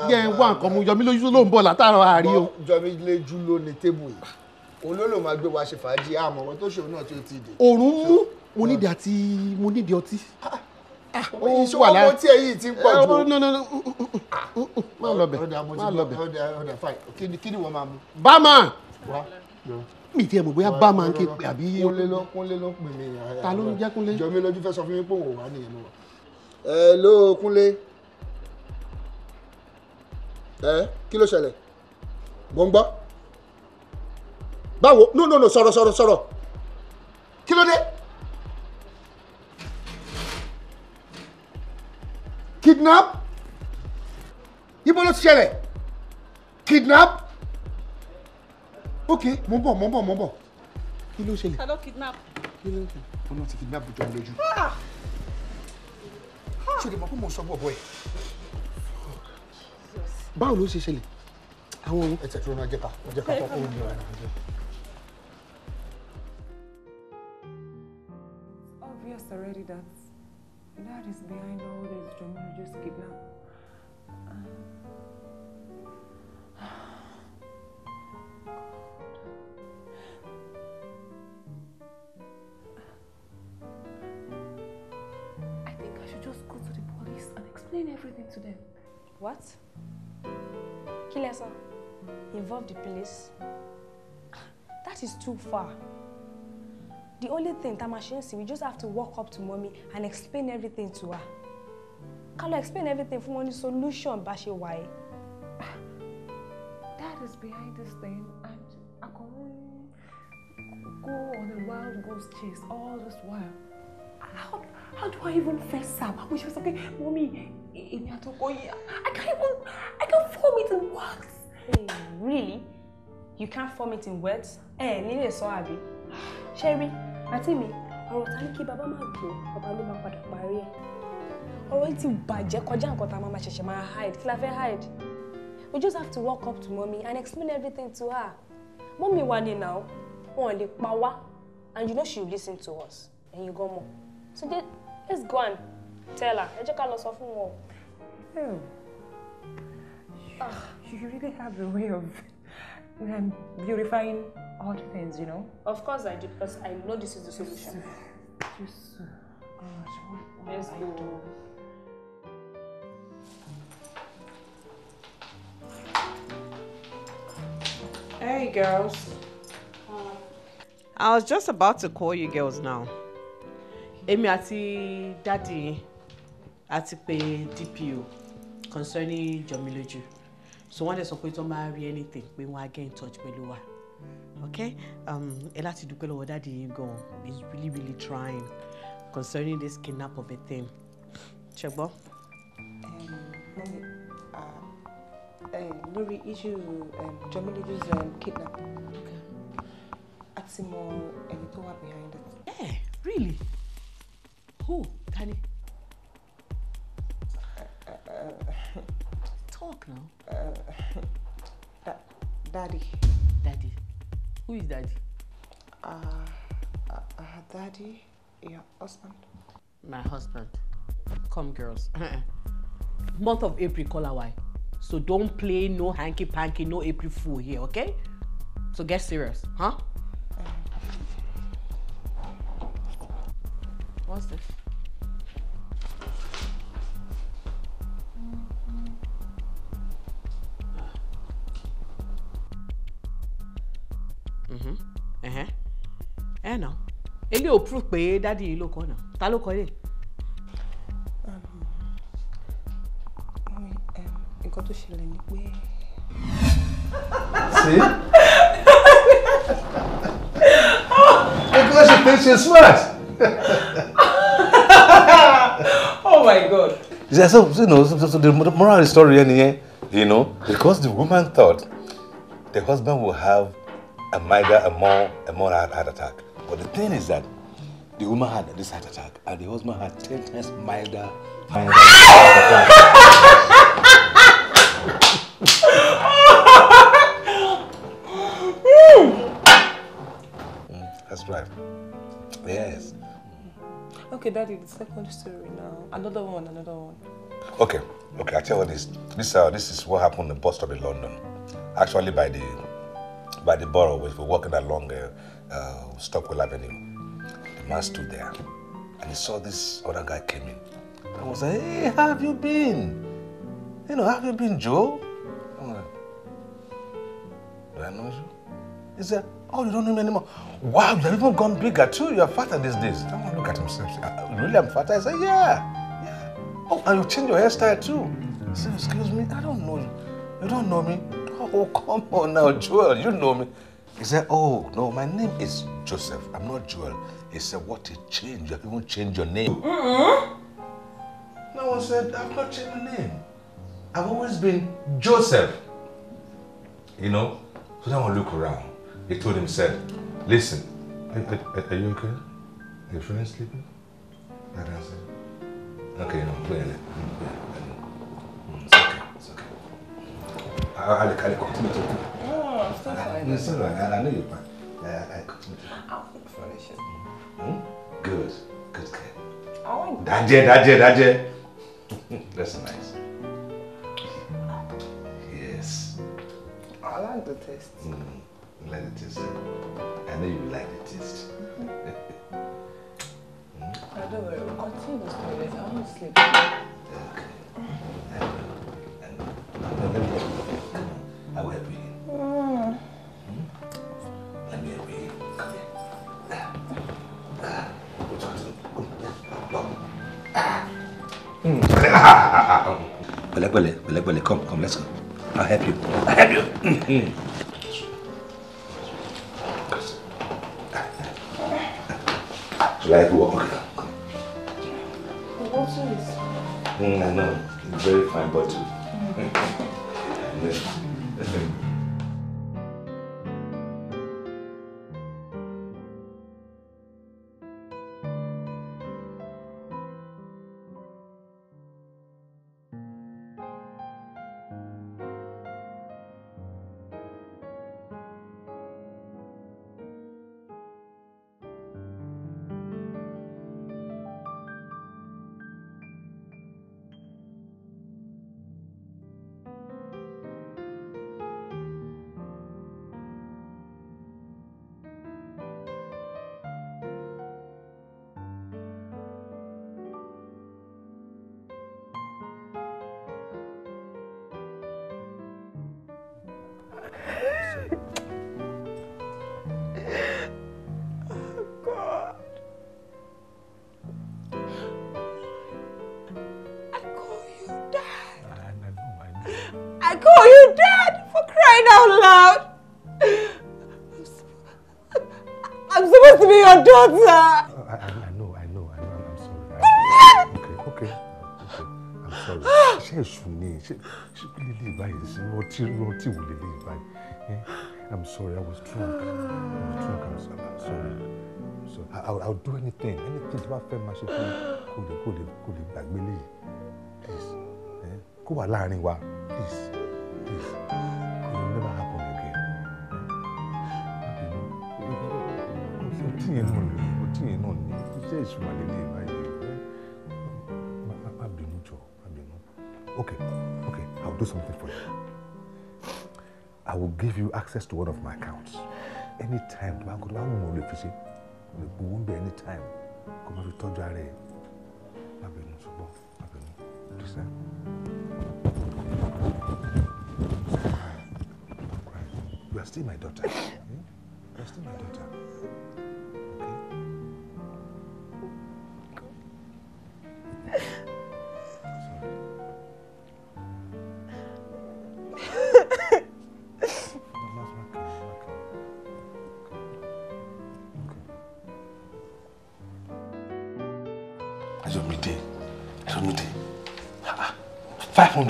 yẹ ẹ wá nǹkan mu yọmí lójú ló ń bọ̀ látara àárí o. jọmí lójú ló ní tébù yìí olólò máa gbé wa ṣe fàájì àmọ́ ọ̀rọ̀ tó ṣòro náà tí ó ti dé. òórùn mú mo nídìí àti mo nídìí ọtí ah! Ah! ó wà lára tí èyí ti ń pọ̀ jù. má lọ bẹ̀ má lọ bẹ̀. kí ni wọ́n máa mú. bá a máa mi tiẹ̀ mọ̀ bóyá bá máa ń ké pé àbí. kúnlé ló kúnlé ló pè mí. ta ló ń jẹ́ kúnlé. jọmí lójú fẹ́ sọ fún mi pé òun wà nìyẹn lọ. ẹ ló kúnlé ẹ kí ló ṣẹlẹ̀ mò ń gbọ́ báwo no no no sọ̀rọ̀ sọ̀rọ̀ sọ̀rọ̀ kí ló dé kidnap ibo ló ti ṣẹlẹ̀ kidnap ok mo ń bọ̀ mo ń bọ̀ mo ń kí ló ṣẹlẹ̀. hello kidnap. kí ló ń ṣe wọn náà ti kidnap jọ mi lójú. Ah! ṣe lè mọ pé mo sọ bọ̀ bọ̀ ẹ̀. báwo ló ṣe ṣẹlẹ̀ àwọn ohun. ẹ tẹ̀ tó náà jẹ́ ká jẹ́ ká tọ́kọ́ òun yọ̀ọ́ náà already that that is behind all this Jomojo's kidnap. Um, to them. What? Kilesa, involve the police? That is too far. The only thing Tamashensi, we just have to walk up to mommy and explain everything to her. Kalo, explain everything fún wọn solution bá ṣe wà yìí. Dad is behind this thing and I can go on a wild goose chase all this while. How, how do I even face Sam? I wish I was okay, mommy, I can't even, I can't form it in words. Hey, really? You can't form it in words? Ẹ nílé sọ àbí? Ṣẹ́rí, àǹtí mi, ọ̀rọ̀ ta ni kí bàbá máa Baba bàbá ló máa padà parí ẹ̀. Ọ̀rọ̀ ti bàjẹ́ kọjá nǹkan tá a máa ṣẹ̀ṣẹ̀ máa hide. Kí la fẹ́ hide? We just have to walk up to mommy and explain everything to her. Mommy wa ni now, wọn lè pa wá and you know she will listen to us. And you go more. So they, let's go and Tell her. ẹ jẹ́ ká lọ sọ fún wọn. Hmm. Ah. You really have a way of um, beautifying all things, you know? Of course I do, because I know this is the solution. Just, uh, God, Let's go. Hey, girls. I was just about to call you girls now. Èmi àti daddy a ti pe DPO concerning Jọmilójú so wọ́n dẹ̀ sọ pé tó máa rí anything pé wọ́n á get in touch pẹ̀lú wa ok um, ẹ láti dúpẹ́ lọ́wọ́ dáàdi yín gan is really really trying concerning this kidnap of a thing ṣe gbọ́. Um, uh, um, lórí issue Jọmilójú's kidnap a ti mọ ẹni tó wà behind it. yeah really who tani. Talk now. Uh, da daddy. Daddy. Who is daddy? Uh, uh, uh, daddy, your husband. My husband. Come, girls. Month of April, call away. So don't play no hanky panky, no April Fool here, okay? So get serious, huh? Uh, What's this? Mm-hmm. ẹ nà ilé ò prove pé dádì yìí ló kọ́ nà ta ló kọ́ lè. Um, um, nǹkan tó ṣẹlẹ̀ ni pé. sí. nǹkan ṣe pé ṣe smart. oh my god. Yeah, so, you know, so, so the moral story here, you know, because the woman thought the husband will have a migraine, a more, a more heart, heart attack. But the thing is that the woman had this heart attack and the husband had 10 times milder, milder heart attack. Mm, that's right. Yes. Okay, Daddy, the second story now. Another one, another one. Okay, okay, I tell you what this. This, uh, this is what happened in the bus stop in London. Actually, by the by the borough, we were walking along uh, uh, Stockwell Avenue. The man stood there and he saw this other guy came in. I was like, hey, how have you been? You know, have you been, Joe? I'm like, do I know you? He said, oh, you don't know me anymore. Wow, you have even gone bigger too. You are fatter these days. I want to look at himself. Uh, really, I'm fatter? I said, yeah. yeah. Oh, and you changed your hairstyle too. He said, excuse me, I don't know you. You don't know me. Oh, come on now, Joel, you know me. He said, oh, no, my name is Joseph. I'm not Joel. He said, what a change. You haven't changed your name. Mm -mm. No one said, I've not changed my name. I've always been Joseph. You know? So then I looked around. He told him, said, listen, are, are, are you okay? Are you feeling sleeping? I answer. Okay, no, clearly. I, I, I continue to cook. Oh, I'm still fine. It's all right. I, I know you're fine. Uh, I, I continue to cook. I'll finish it. Hmm? Good. Good girl. I want that. Daje, daje, That's nice. Yes. I like the taste. Mm, you like the taste. Eh? I know you like the taste. Hmm? I don't worry. We'll continue this later. I want to sleep. Okay. I know. I know. I know. I will help you. Mm. Hmm? Let me help you. Come here. Ah. Ah. Which one's Bele, bele, bele, bele. Come, come, let's go. I'll help you. I'll help you. Mm -hmm. Should I go? Okay. What is? Mm, I know. It's very fine bottle. Mm. -hmm. báyìí sí ọtí ọtí wò lè léyìí i'm sorry i was drunk i was drunk i'm sorry so i will do anything anything to wàá fẹ́ máa ṣe fún kò lè kò lè kò lè please Go eh, wà láàrin wa please please it will never happen again ọtí eh, yẹn náà ni ọtí yẹn náà ni iṣẹ́ ìṣúná lè léyìí báyìí. give you access to one of my accounts anytime tó bá ń kó tó bá ń wù ú lè fi ṣe lè gbowó ń bẹ anytime I've been fi so ara I've been. bẹ̀rù You are still my daughter. Hmm? You are still my daughter. Okay?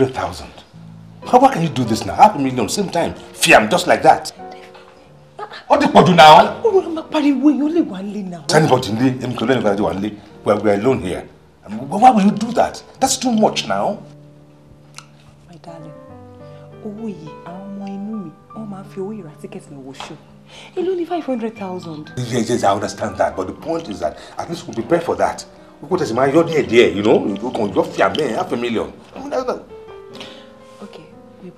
100,000. How why can you do this now? Half a million, same time. Fiam, just like that. What ti pọ̀jù now? Oh, I'm not You only one lane now. Tell anybody, I'm going to one lane. Well, alone here. I why will you do that? That's too much now. My darling, owó our money, ọmọ inú mi, wọ́n máa ń fi owó show. It's only 500,000. Yes, yes, I understand that. But the point is that at least we prepare for that. We go to my yard here, you know, you can just fiam, half a million. I mean, that's,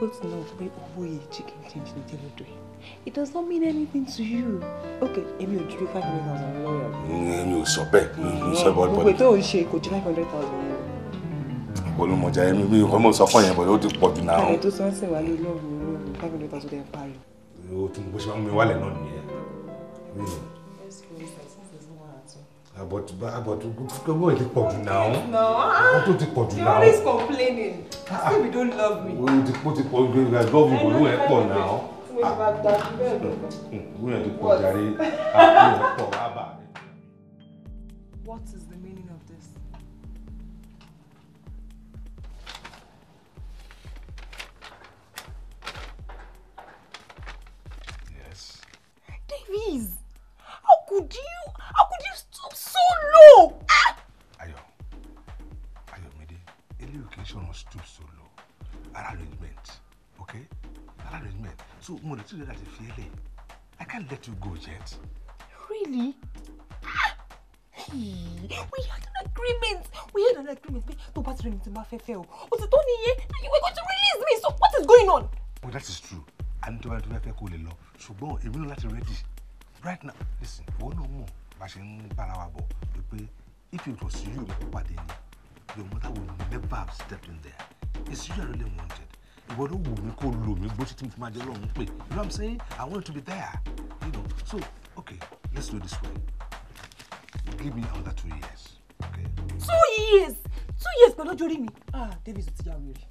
you both know pé owó chicken change ní tẹ́lẹ̀dọ̀ ẹ̀ it does not mean anything to you okay èmi ò ju bí five hundred thousand lọ́yọ̀. èmi ò sọ bẹ́ẹ̀ mi ò sọ bọ́ọ̀lù. gbogbo ètò òun ṣe kò ju five hundred thousand lọ. olùmọ̀jà ẹni bí ọmọ sọ fún yẹn bọ̀ yóò ti pọ̀ jù náà. àwọn tó sọ ń sèwà lórí ọ̀rùn five hundred thousand ẹ̀ ń parí. o tún bó ṣe máa ń mi wálẹ̀ náà nìyẹn. But but but go a bit pọ̀jù now. No. What do you pọ̀jù You're always complaining. Ah, Still, we don't love me. Well, the put it pọ̀jù. You guys love me, but you ain't pọ̀ now. We have that bed. We ain't pọ̀ jàre. Ah, we ain't pọ̀ abba. What is the meaning of this? Yes. Davies, how could you? so low. Ayo, ayo, eléyìí kì í ṣọ̀rọ̀ stoop so low An arrangement okay? An arrangement so mo lè tún lè feeling, I can't let you go yet. really. Ah. we had an agreement. We had an agreement. Pé tó bá ti rí mi tí n bá fẹ́ fẹ́ o. You were going to release me. So what is going on? Well, that is true. A ní tó bá to fẹ́ fẹ́ kó So, lọ. Ṣùgbọ́n èmi not láti ready. Right now, listen, ìwọ náà mọ̀ bá ṣe ń bára wa bọ̀ wípé if it was you ló pàdé ni your mother would never have stepped in there it's you really wanted ìwọ ló wù mí kó lò mí gbóṣù tí mo fi máa jẹ lọ́run pé you know what I'm saying I want to be there you know so okay let's do this way give me another two years okay. two years two years pẹ̀lú ojú orí mi ah Davis ti yà wèrè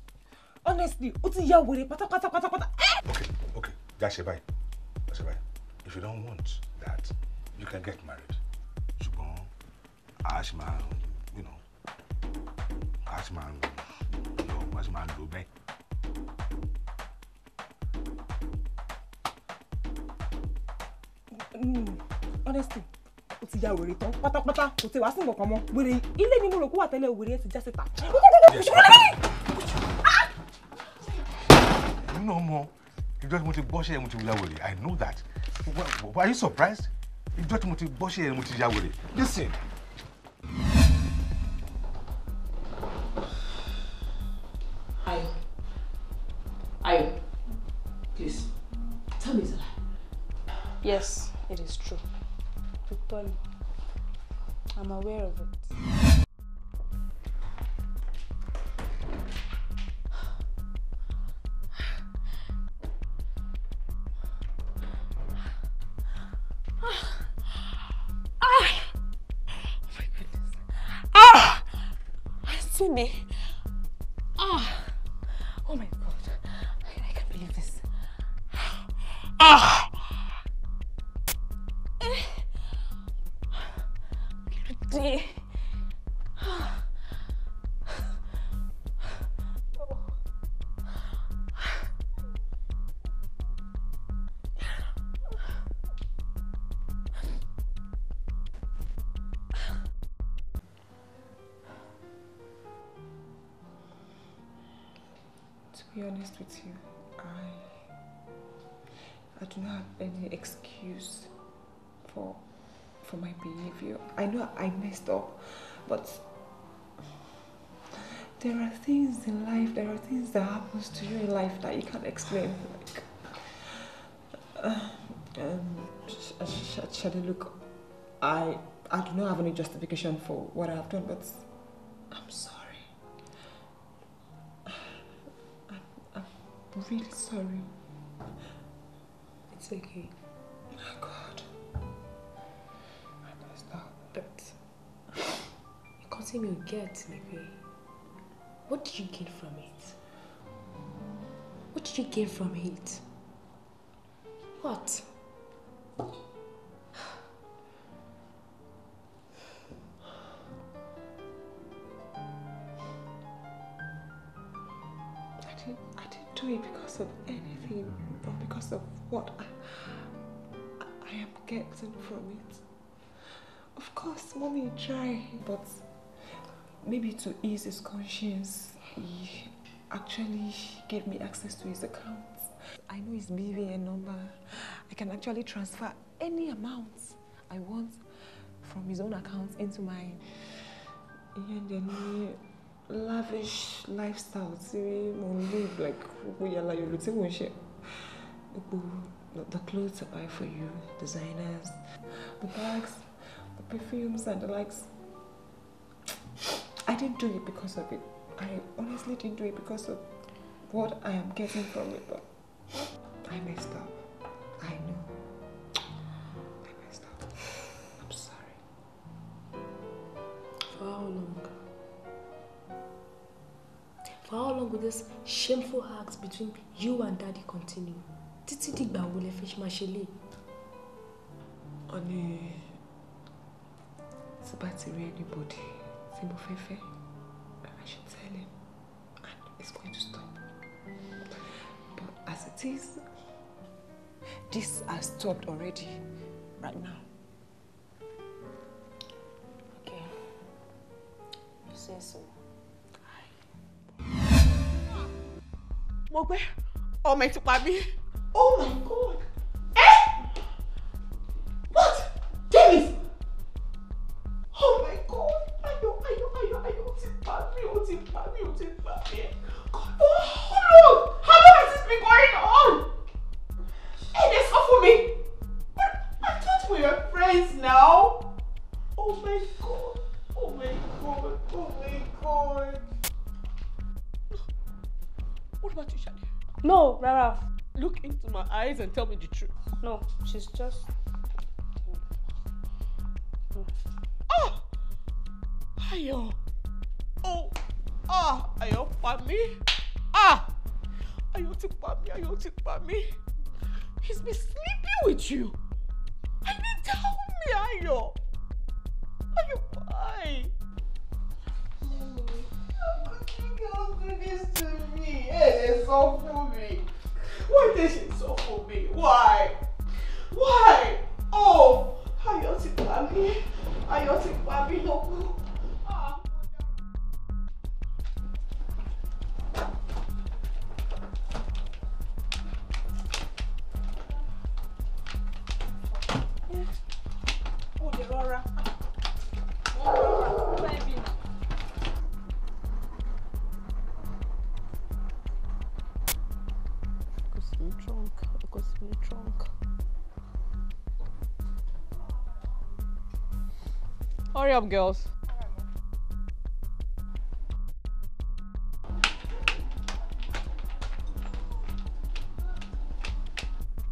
honestly ó ti yà wèrè pátápátá pátápátá. okay okay jà ṣe báyìí jà ṣe báyìí if you don't want that you can get married ṣùgbọ́n a ṣì máa you know a ṣì máa lọ a ṣì máa lò bẹ́ẹ̀. Mm, honestly o ti ya wèrè tán pátápátá kò tẹ wá sí nǹkan kan mọ́ wèrè ilé ni mo rò kó wà tẹ́lẹ̀ wèrè ẹ ti já síta. nínú ọmọ ìjọ tí mo ti gbọ́ ṣe é mo ti ya wèrè i know that why are you surprised ìjọ tí mo ti gbọ́ ṣe yẹn mo ti ya wèrè listen. Ayo, Ayo, please, tell me it's a lie. Yes, it is true. Victor, I'm aware of it. be honest with you, I, I do not have any excuse for, for my behavior. I know I messed up, but there are things in life, there are things that happens to you in life that you can't explain. Like, uh, um, Shadi, look, I, I do not have any justification for what I have done, but really sorry. It's okay. Oh God. I messed up. But you continue to get, maybe. What did you gain from it? What did you gain from it? What? nothing from it. Of course, mommy tried, but maybe to ease his conscience, he actually gave me access to his account. I know his BVN number. I can actually transfer any amount I want from his own account into mine. And then lavish lifestyle See, we live like we yàrá yòlò tí mo ń the clothes I buy for you, designers, the bags, the perfumes and the likes. I didn't do it because of it. I honestly didn't do it because of what I am getting from it, but I messed up. I know. I messed up. I'm sorry. For how long? For how long will this shameful act between you and daddy continue? títí dìgbà wo lẹ fẹ́ máa ṣe lè. ó ní tí bá ti rí anybody tí mo fẹ́ fẹ́ I should tell him and it's going to stop but as it is this has stopped already right now. okay you say so. mo gbé ọmọ ẹ ti pa mí. Oh my God. lies and tell me the truth. No, she's just. No. Oh! Ayọ̀! Oh! Ah! Ayọ̀ ah, pa me? Ah! Ayọ̀ ti pa mí! Ayọ̀ ti pa me? Hurry up, girls.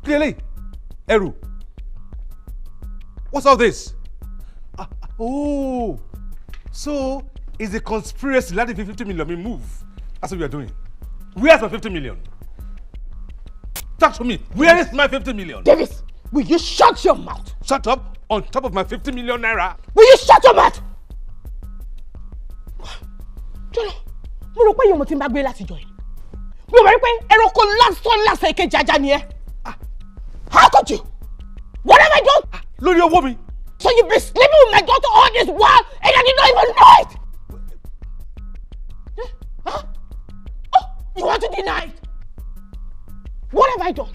Clearly, Eru. What's all this? Uh, oh, so it's a conspiracy. Let the 50 million move. That's what we are doing. Where's my 50 million? Talk to me. Where is my 50 million? Davis, will you shut your mouth? Shut up on top of my 50 million naira. Will you shut your mouth? Jọ́lọ́, mo rò pé èèyàn mo ti ń bá gbé látijọ́ yìí. Mi ò mọ̀ wípé ẹranko lásán lásán èké jaja ni ẹ. Ah, how could you? What have I done? Ah, lórí owó mi. So you been sleeping with my daughter all this while and I did not even know it. Eh, huh? Oh, you want to deny it? What have I done?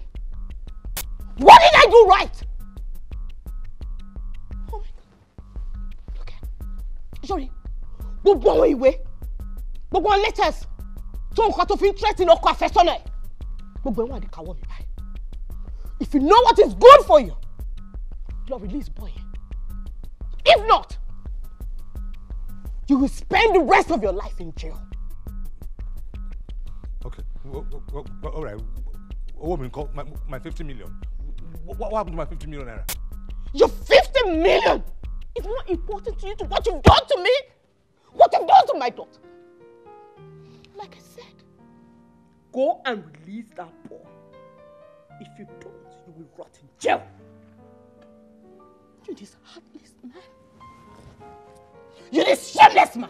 What did I do right? sórí gbogbo àwọn ìwé gbogbo àwọn letters tó nǹkan tó fi ń threaten ọkọ àfẹ́sọ́nà ẹ̀ gbogbo ẹ̀ wà ní kàwọ́ mi báyìí if you know what is good for you you release boy if not you will spend the rest of your life in jail. okay all right owó mi my my fifty million what, what happened to my fifty million naira. your fifty million. It's more important to you to what you've done to me, what you've done to my daughter. Like I said, go and release that boy. If you don't, you will rot in jail. You this heartless man. You this shameless man.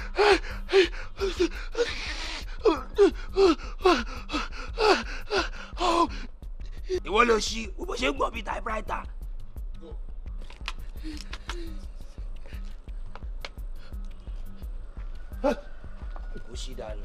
ìwọ ló ṣí bó ṣe gbọ́ bíi typewriter. kò sí dànù.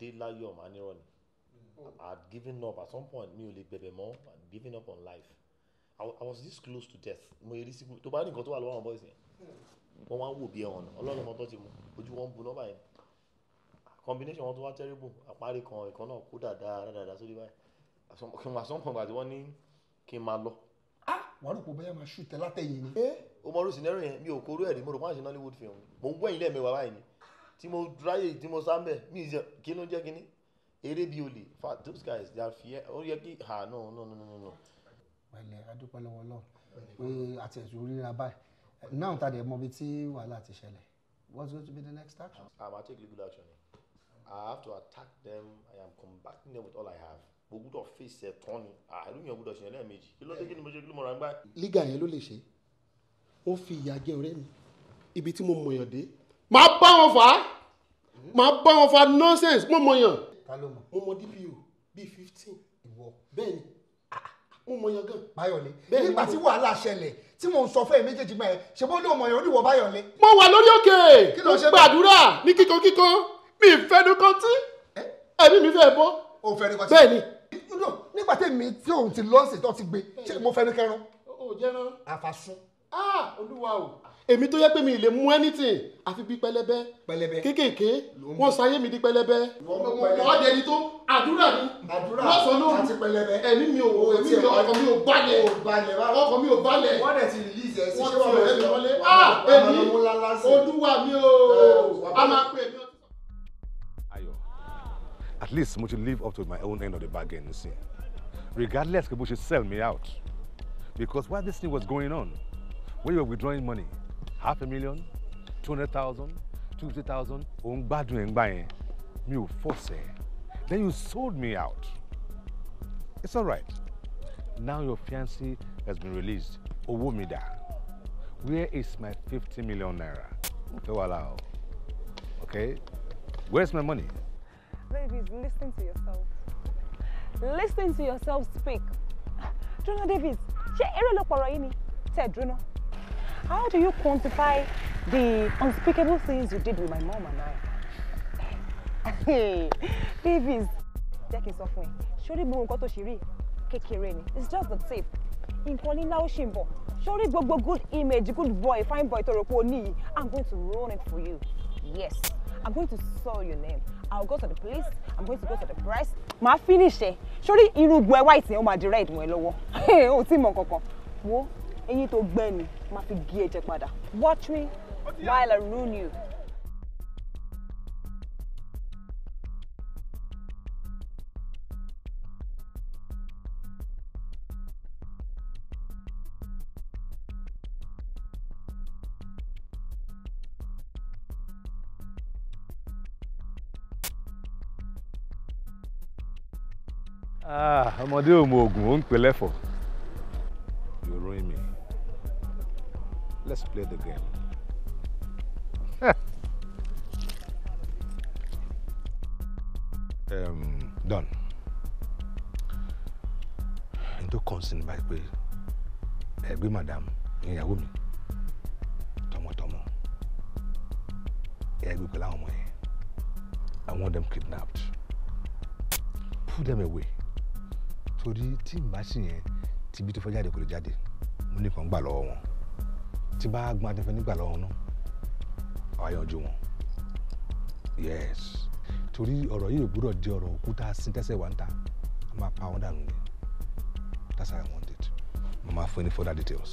dé láyọ̀ màá nírọ̀ ni hmm. i had given up at some point mi ò lè bẹ̀bẹ̀ mọ́ i had given up on life i, was this close to death mo yẹ risi tó bá ní nǹkan tó wà lọ́wọ́ àwọn boys yẹn hmm. wọ́n wá ń wò bí ẹ̀wọ̀n ọlọ́run ọmọ tó ti mú ojú wọn bu nọ́mbà yẹn combination wọn tó wá terrible àparí kan ìkan náà kó dáadáa dáadáa sórí báyìí kí n wà sọ́nkàn gbàtí wọ́n ní kí n máa lọ. Ah! wàá rò pé bóyá máa ṣùtẹ́ látẹ̀yìn ni. Eh! ó mọ orúkọ sinẹ́rì yẹn mi ò kóró ẹ̀rí mo rò pé àṣẹ Nollywood film mo ń gbọ́ ẹ̀yìn lẹ́ẹ̀mẹ́wàá báyìí ni tí mo ráyè tí mo sá mbẹ̀ mi ìjẹ kí ló ń kínní eré bíi olè fa those guys they are fear ó yẹ kí ha ah, no no no no no. pẹ̀lẹ́ adúpẹ́ lọ́wọ́ lọ pé àti ẹsùn ríra báyìí náà ta dẹ̀ mọ ibi tí wàhálà ti ṣẹlẹ̀ what's going to be the next action. Ah, I will take legal action. I have to attack them. I am combating them with all I have mo gbúdọ̀ fèsì ẹ̀tọ́ ni àìrú ah, yẹn gbúdọ̀ ṣẹlẹ̀ méjì kí ló dé kí ni mo ṣe kí mo rà ń gbá. liga yẹn ló lè ṣe ó fi ìyà jẹ ọ̀rẹ́ mi ibi tí mo mọ̀yàn dé màá bá wọn fà á màá bá wọn fà nonsense mo mọ̀ yàn mo mọ̀ DPO bíi fifteen ìwọ bẹ́ẹ̀ ni mo mọ̀ yàn gan. Báyọ̀lé nígbà tí wàhálà ṣẹlẹ̀ tí mò ń sọ fún ẹ méjèèjì gbà ẹ ṣe bó lóò mọ̀ yàn oníwọ̀ Báyọ̀lé. mo wà lórí òkè mo gbàdúrà ní kíkankíkan mi ìfẹ́nu kan tí ẹ̀mí mi fẹ́ bọ́. o fẹ́ni kan tí bẹ́ẹ̀ ni. nígbà tí èmi tí òun ti lọ́ọ̀sì tó ti gbé ṣé mo fẹ́ni kẹran. o jẹ́ran. àfàsùn. ah olúwa o èmi tó yẹ pé mi lè mú anything àfi bí pẹlẹbẹ kéékèèké wọn sáyé mi di pẹlẹbẹ. wọ́n á dẹni tó àdúrà ni lọ́sọ̀ọ́ lóru ẹ̀mí mi ò ẹ̀mí mi ọkàn mi ò balẹ̀ ọkàn mi ò balẹ̀ wọ́n ti rẹ̀ mi wọlé ah èmi olúwa mi ò a máa pè mí. at least mo ti live up to my own end of the bargain See, regardless kí mo sell me out because while this thing was going on when you were withdrawing money half a million two hundred thousand two fifty thousand òun gbádùn ẹ̀ ń gbà yẹn mi ò force then you sold me out it's alright now your fiancé has been released owó mi dà where is my fifty million naira fẹ́ wàhálà o okay where's my money. Ladies, listen to yourself. Listen to yourself speak. Dúró David, ṣé eré ló pọ̀rọ̀ yìí ni? Tẹ̀ dúró How do you quantify the unspeakable things you did with my mom and I? Hey, Davis, jẹ́ kí n sọ fún ẹ, sórí gbogbo nǹkan tó it's just the tip. In ní náà ṣì ń bọ̀. Sórí good image, good boy, fine boy tó rò pé I'm going to ruin it for you. Yes, I'm going to sell your name. I'll go to the police. I'm going to go to the press. My finish ẹ. Sórí irú gbọ́ white yẹn ó máa di red mọ́ ẹ lọ́wọ́. O ò tí ì eyín tó gbẹ mi máa fi gé ẹ̀jẹ̀ padà watch me while I ruin you. Ah, ọmọdé ò mọ oògùn ó ń pè lẹ́fọ̀ọ́. Let's play the game. um, done. Into tó by sí ni báyìí madam in mi tọmọtọmọ ẹgbẹ́ pẹ̀lú àwọn ọmọ yẹn I want them kidnapped put them away torí the team, bá sì yẹn tibí tó fẹ́ jáde kò lè tí bá gbọ́n adẹ́fẹ́ nígbà lọ́wọ́ náà àyànjú wọn yes torí ọ̀rọ̀ yìí ò di ọ̀rọ̀ òkúta síntẹ́sẹ̀ wà ń ta a máa pa wọn dànù ni that's how I want it mo máa fún yín ní further details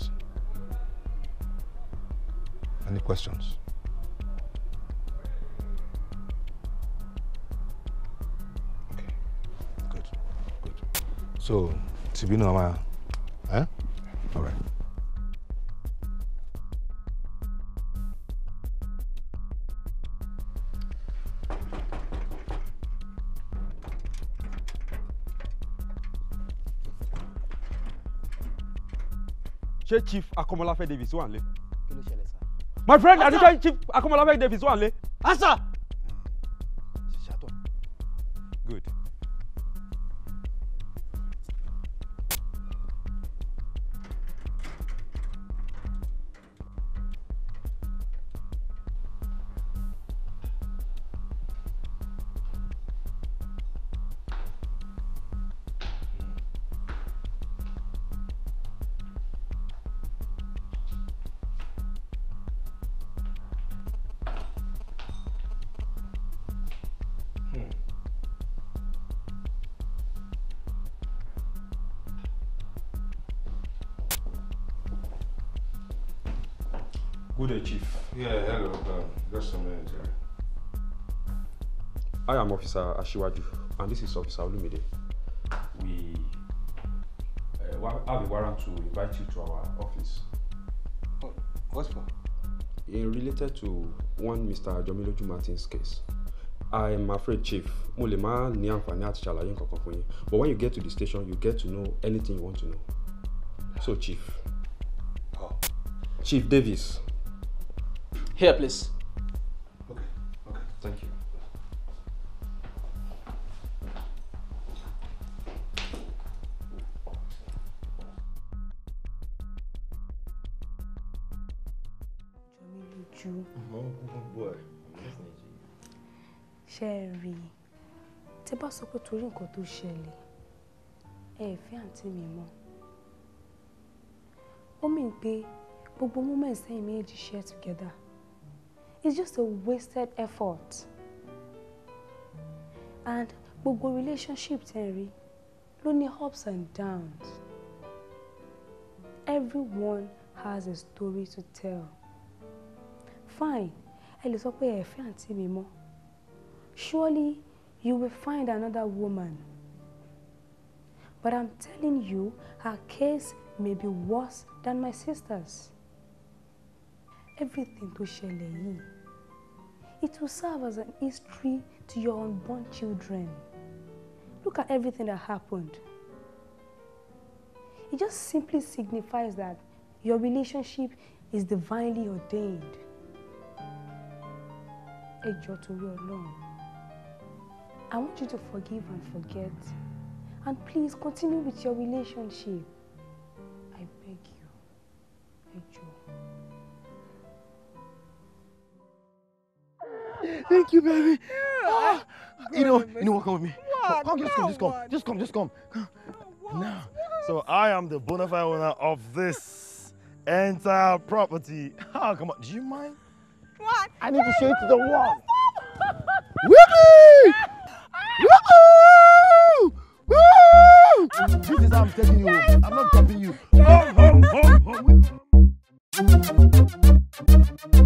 any questions. Okay. Good. Good. so tìbí náà máa. ṣé chief akomolafe davis wà nílé. kí ló ṣẹlẹ̀ sá. my friend àdúgbò chief akomolafe davis wà nílé. asa Good day, Chief. Yeah, hello. Uh, just a minute. I am Officer Ashiwaju, and this is Officer Olumide. We uh, have a warrant to invite you to our office. what for? In related to one Mr. Jomiloju Martin's case. I'm afraid, Chief, mo lè má ní àǹfààní àti But when you get to the station, you get to know anything you want to know. So, Chief. Oh. Chief Davis. Here, please. Okay, okay, thank you. ṣe rí i tẹ bá sọ pé torí nǹkan tó ṣẹlẹ̀ ẹ fẹ́ àǹtí mi mọ́ ó mì pé gbogbo moments ẹ̀yin méjì share together it's just a wasted effort and gbogbo relationship tẹ́ ẹ ló ní ups and downs everyone has a story to tell fine ẹ lè sọ pé ẹ fẹ́ àǹtí surely you will find another woman but I'm telling you her case may be worse than my sister's everything tó ṣẹlẹ̀ yìí It will serve as an history to your unborn children. Look at everything that happened. It just simply signifies that your relationship is divinely ordained. Ẹ to you alone. I want you to forgive and forget. And please continue with your relationship. I beg you. Ẹ Thank you, baby. Yeah, ah, you know, you know what? Come with me. What? Come, just come, just come, just come, just come. Just come. So I am the bona fide owner of this entire property. Oh, come on. Do you mind? What? I need to show it to the world. Whoopee! Woo! Woo! This is how I'm telling you. I'm not dropping you. Home, home, home, home.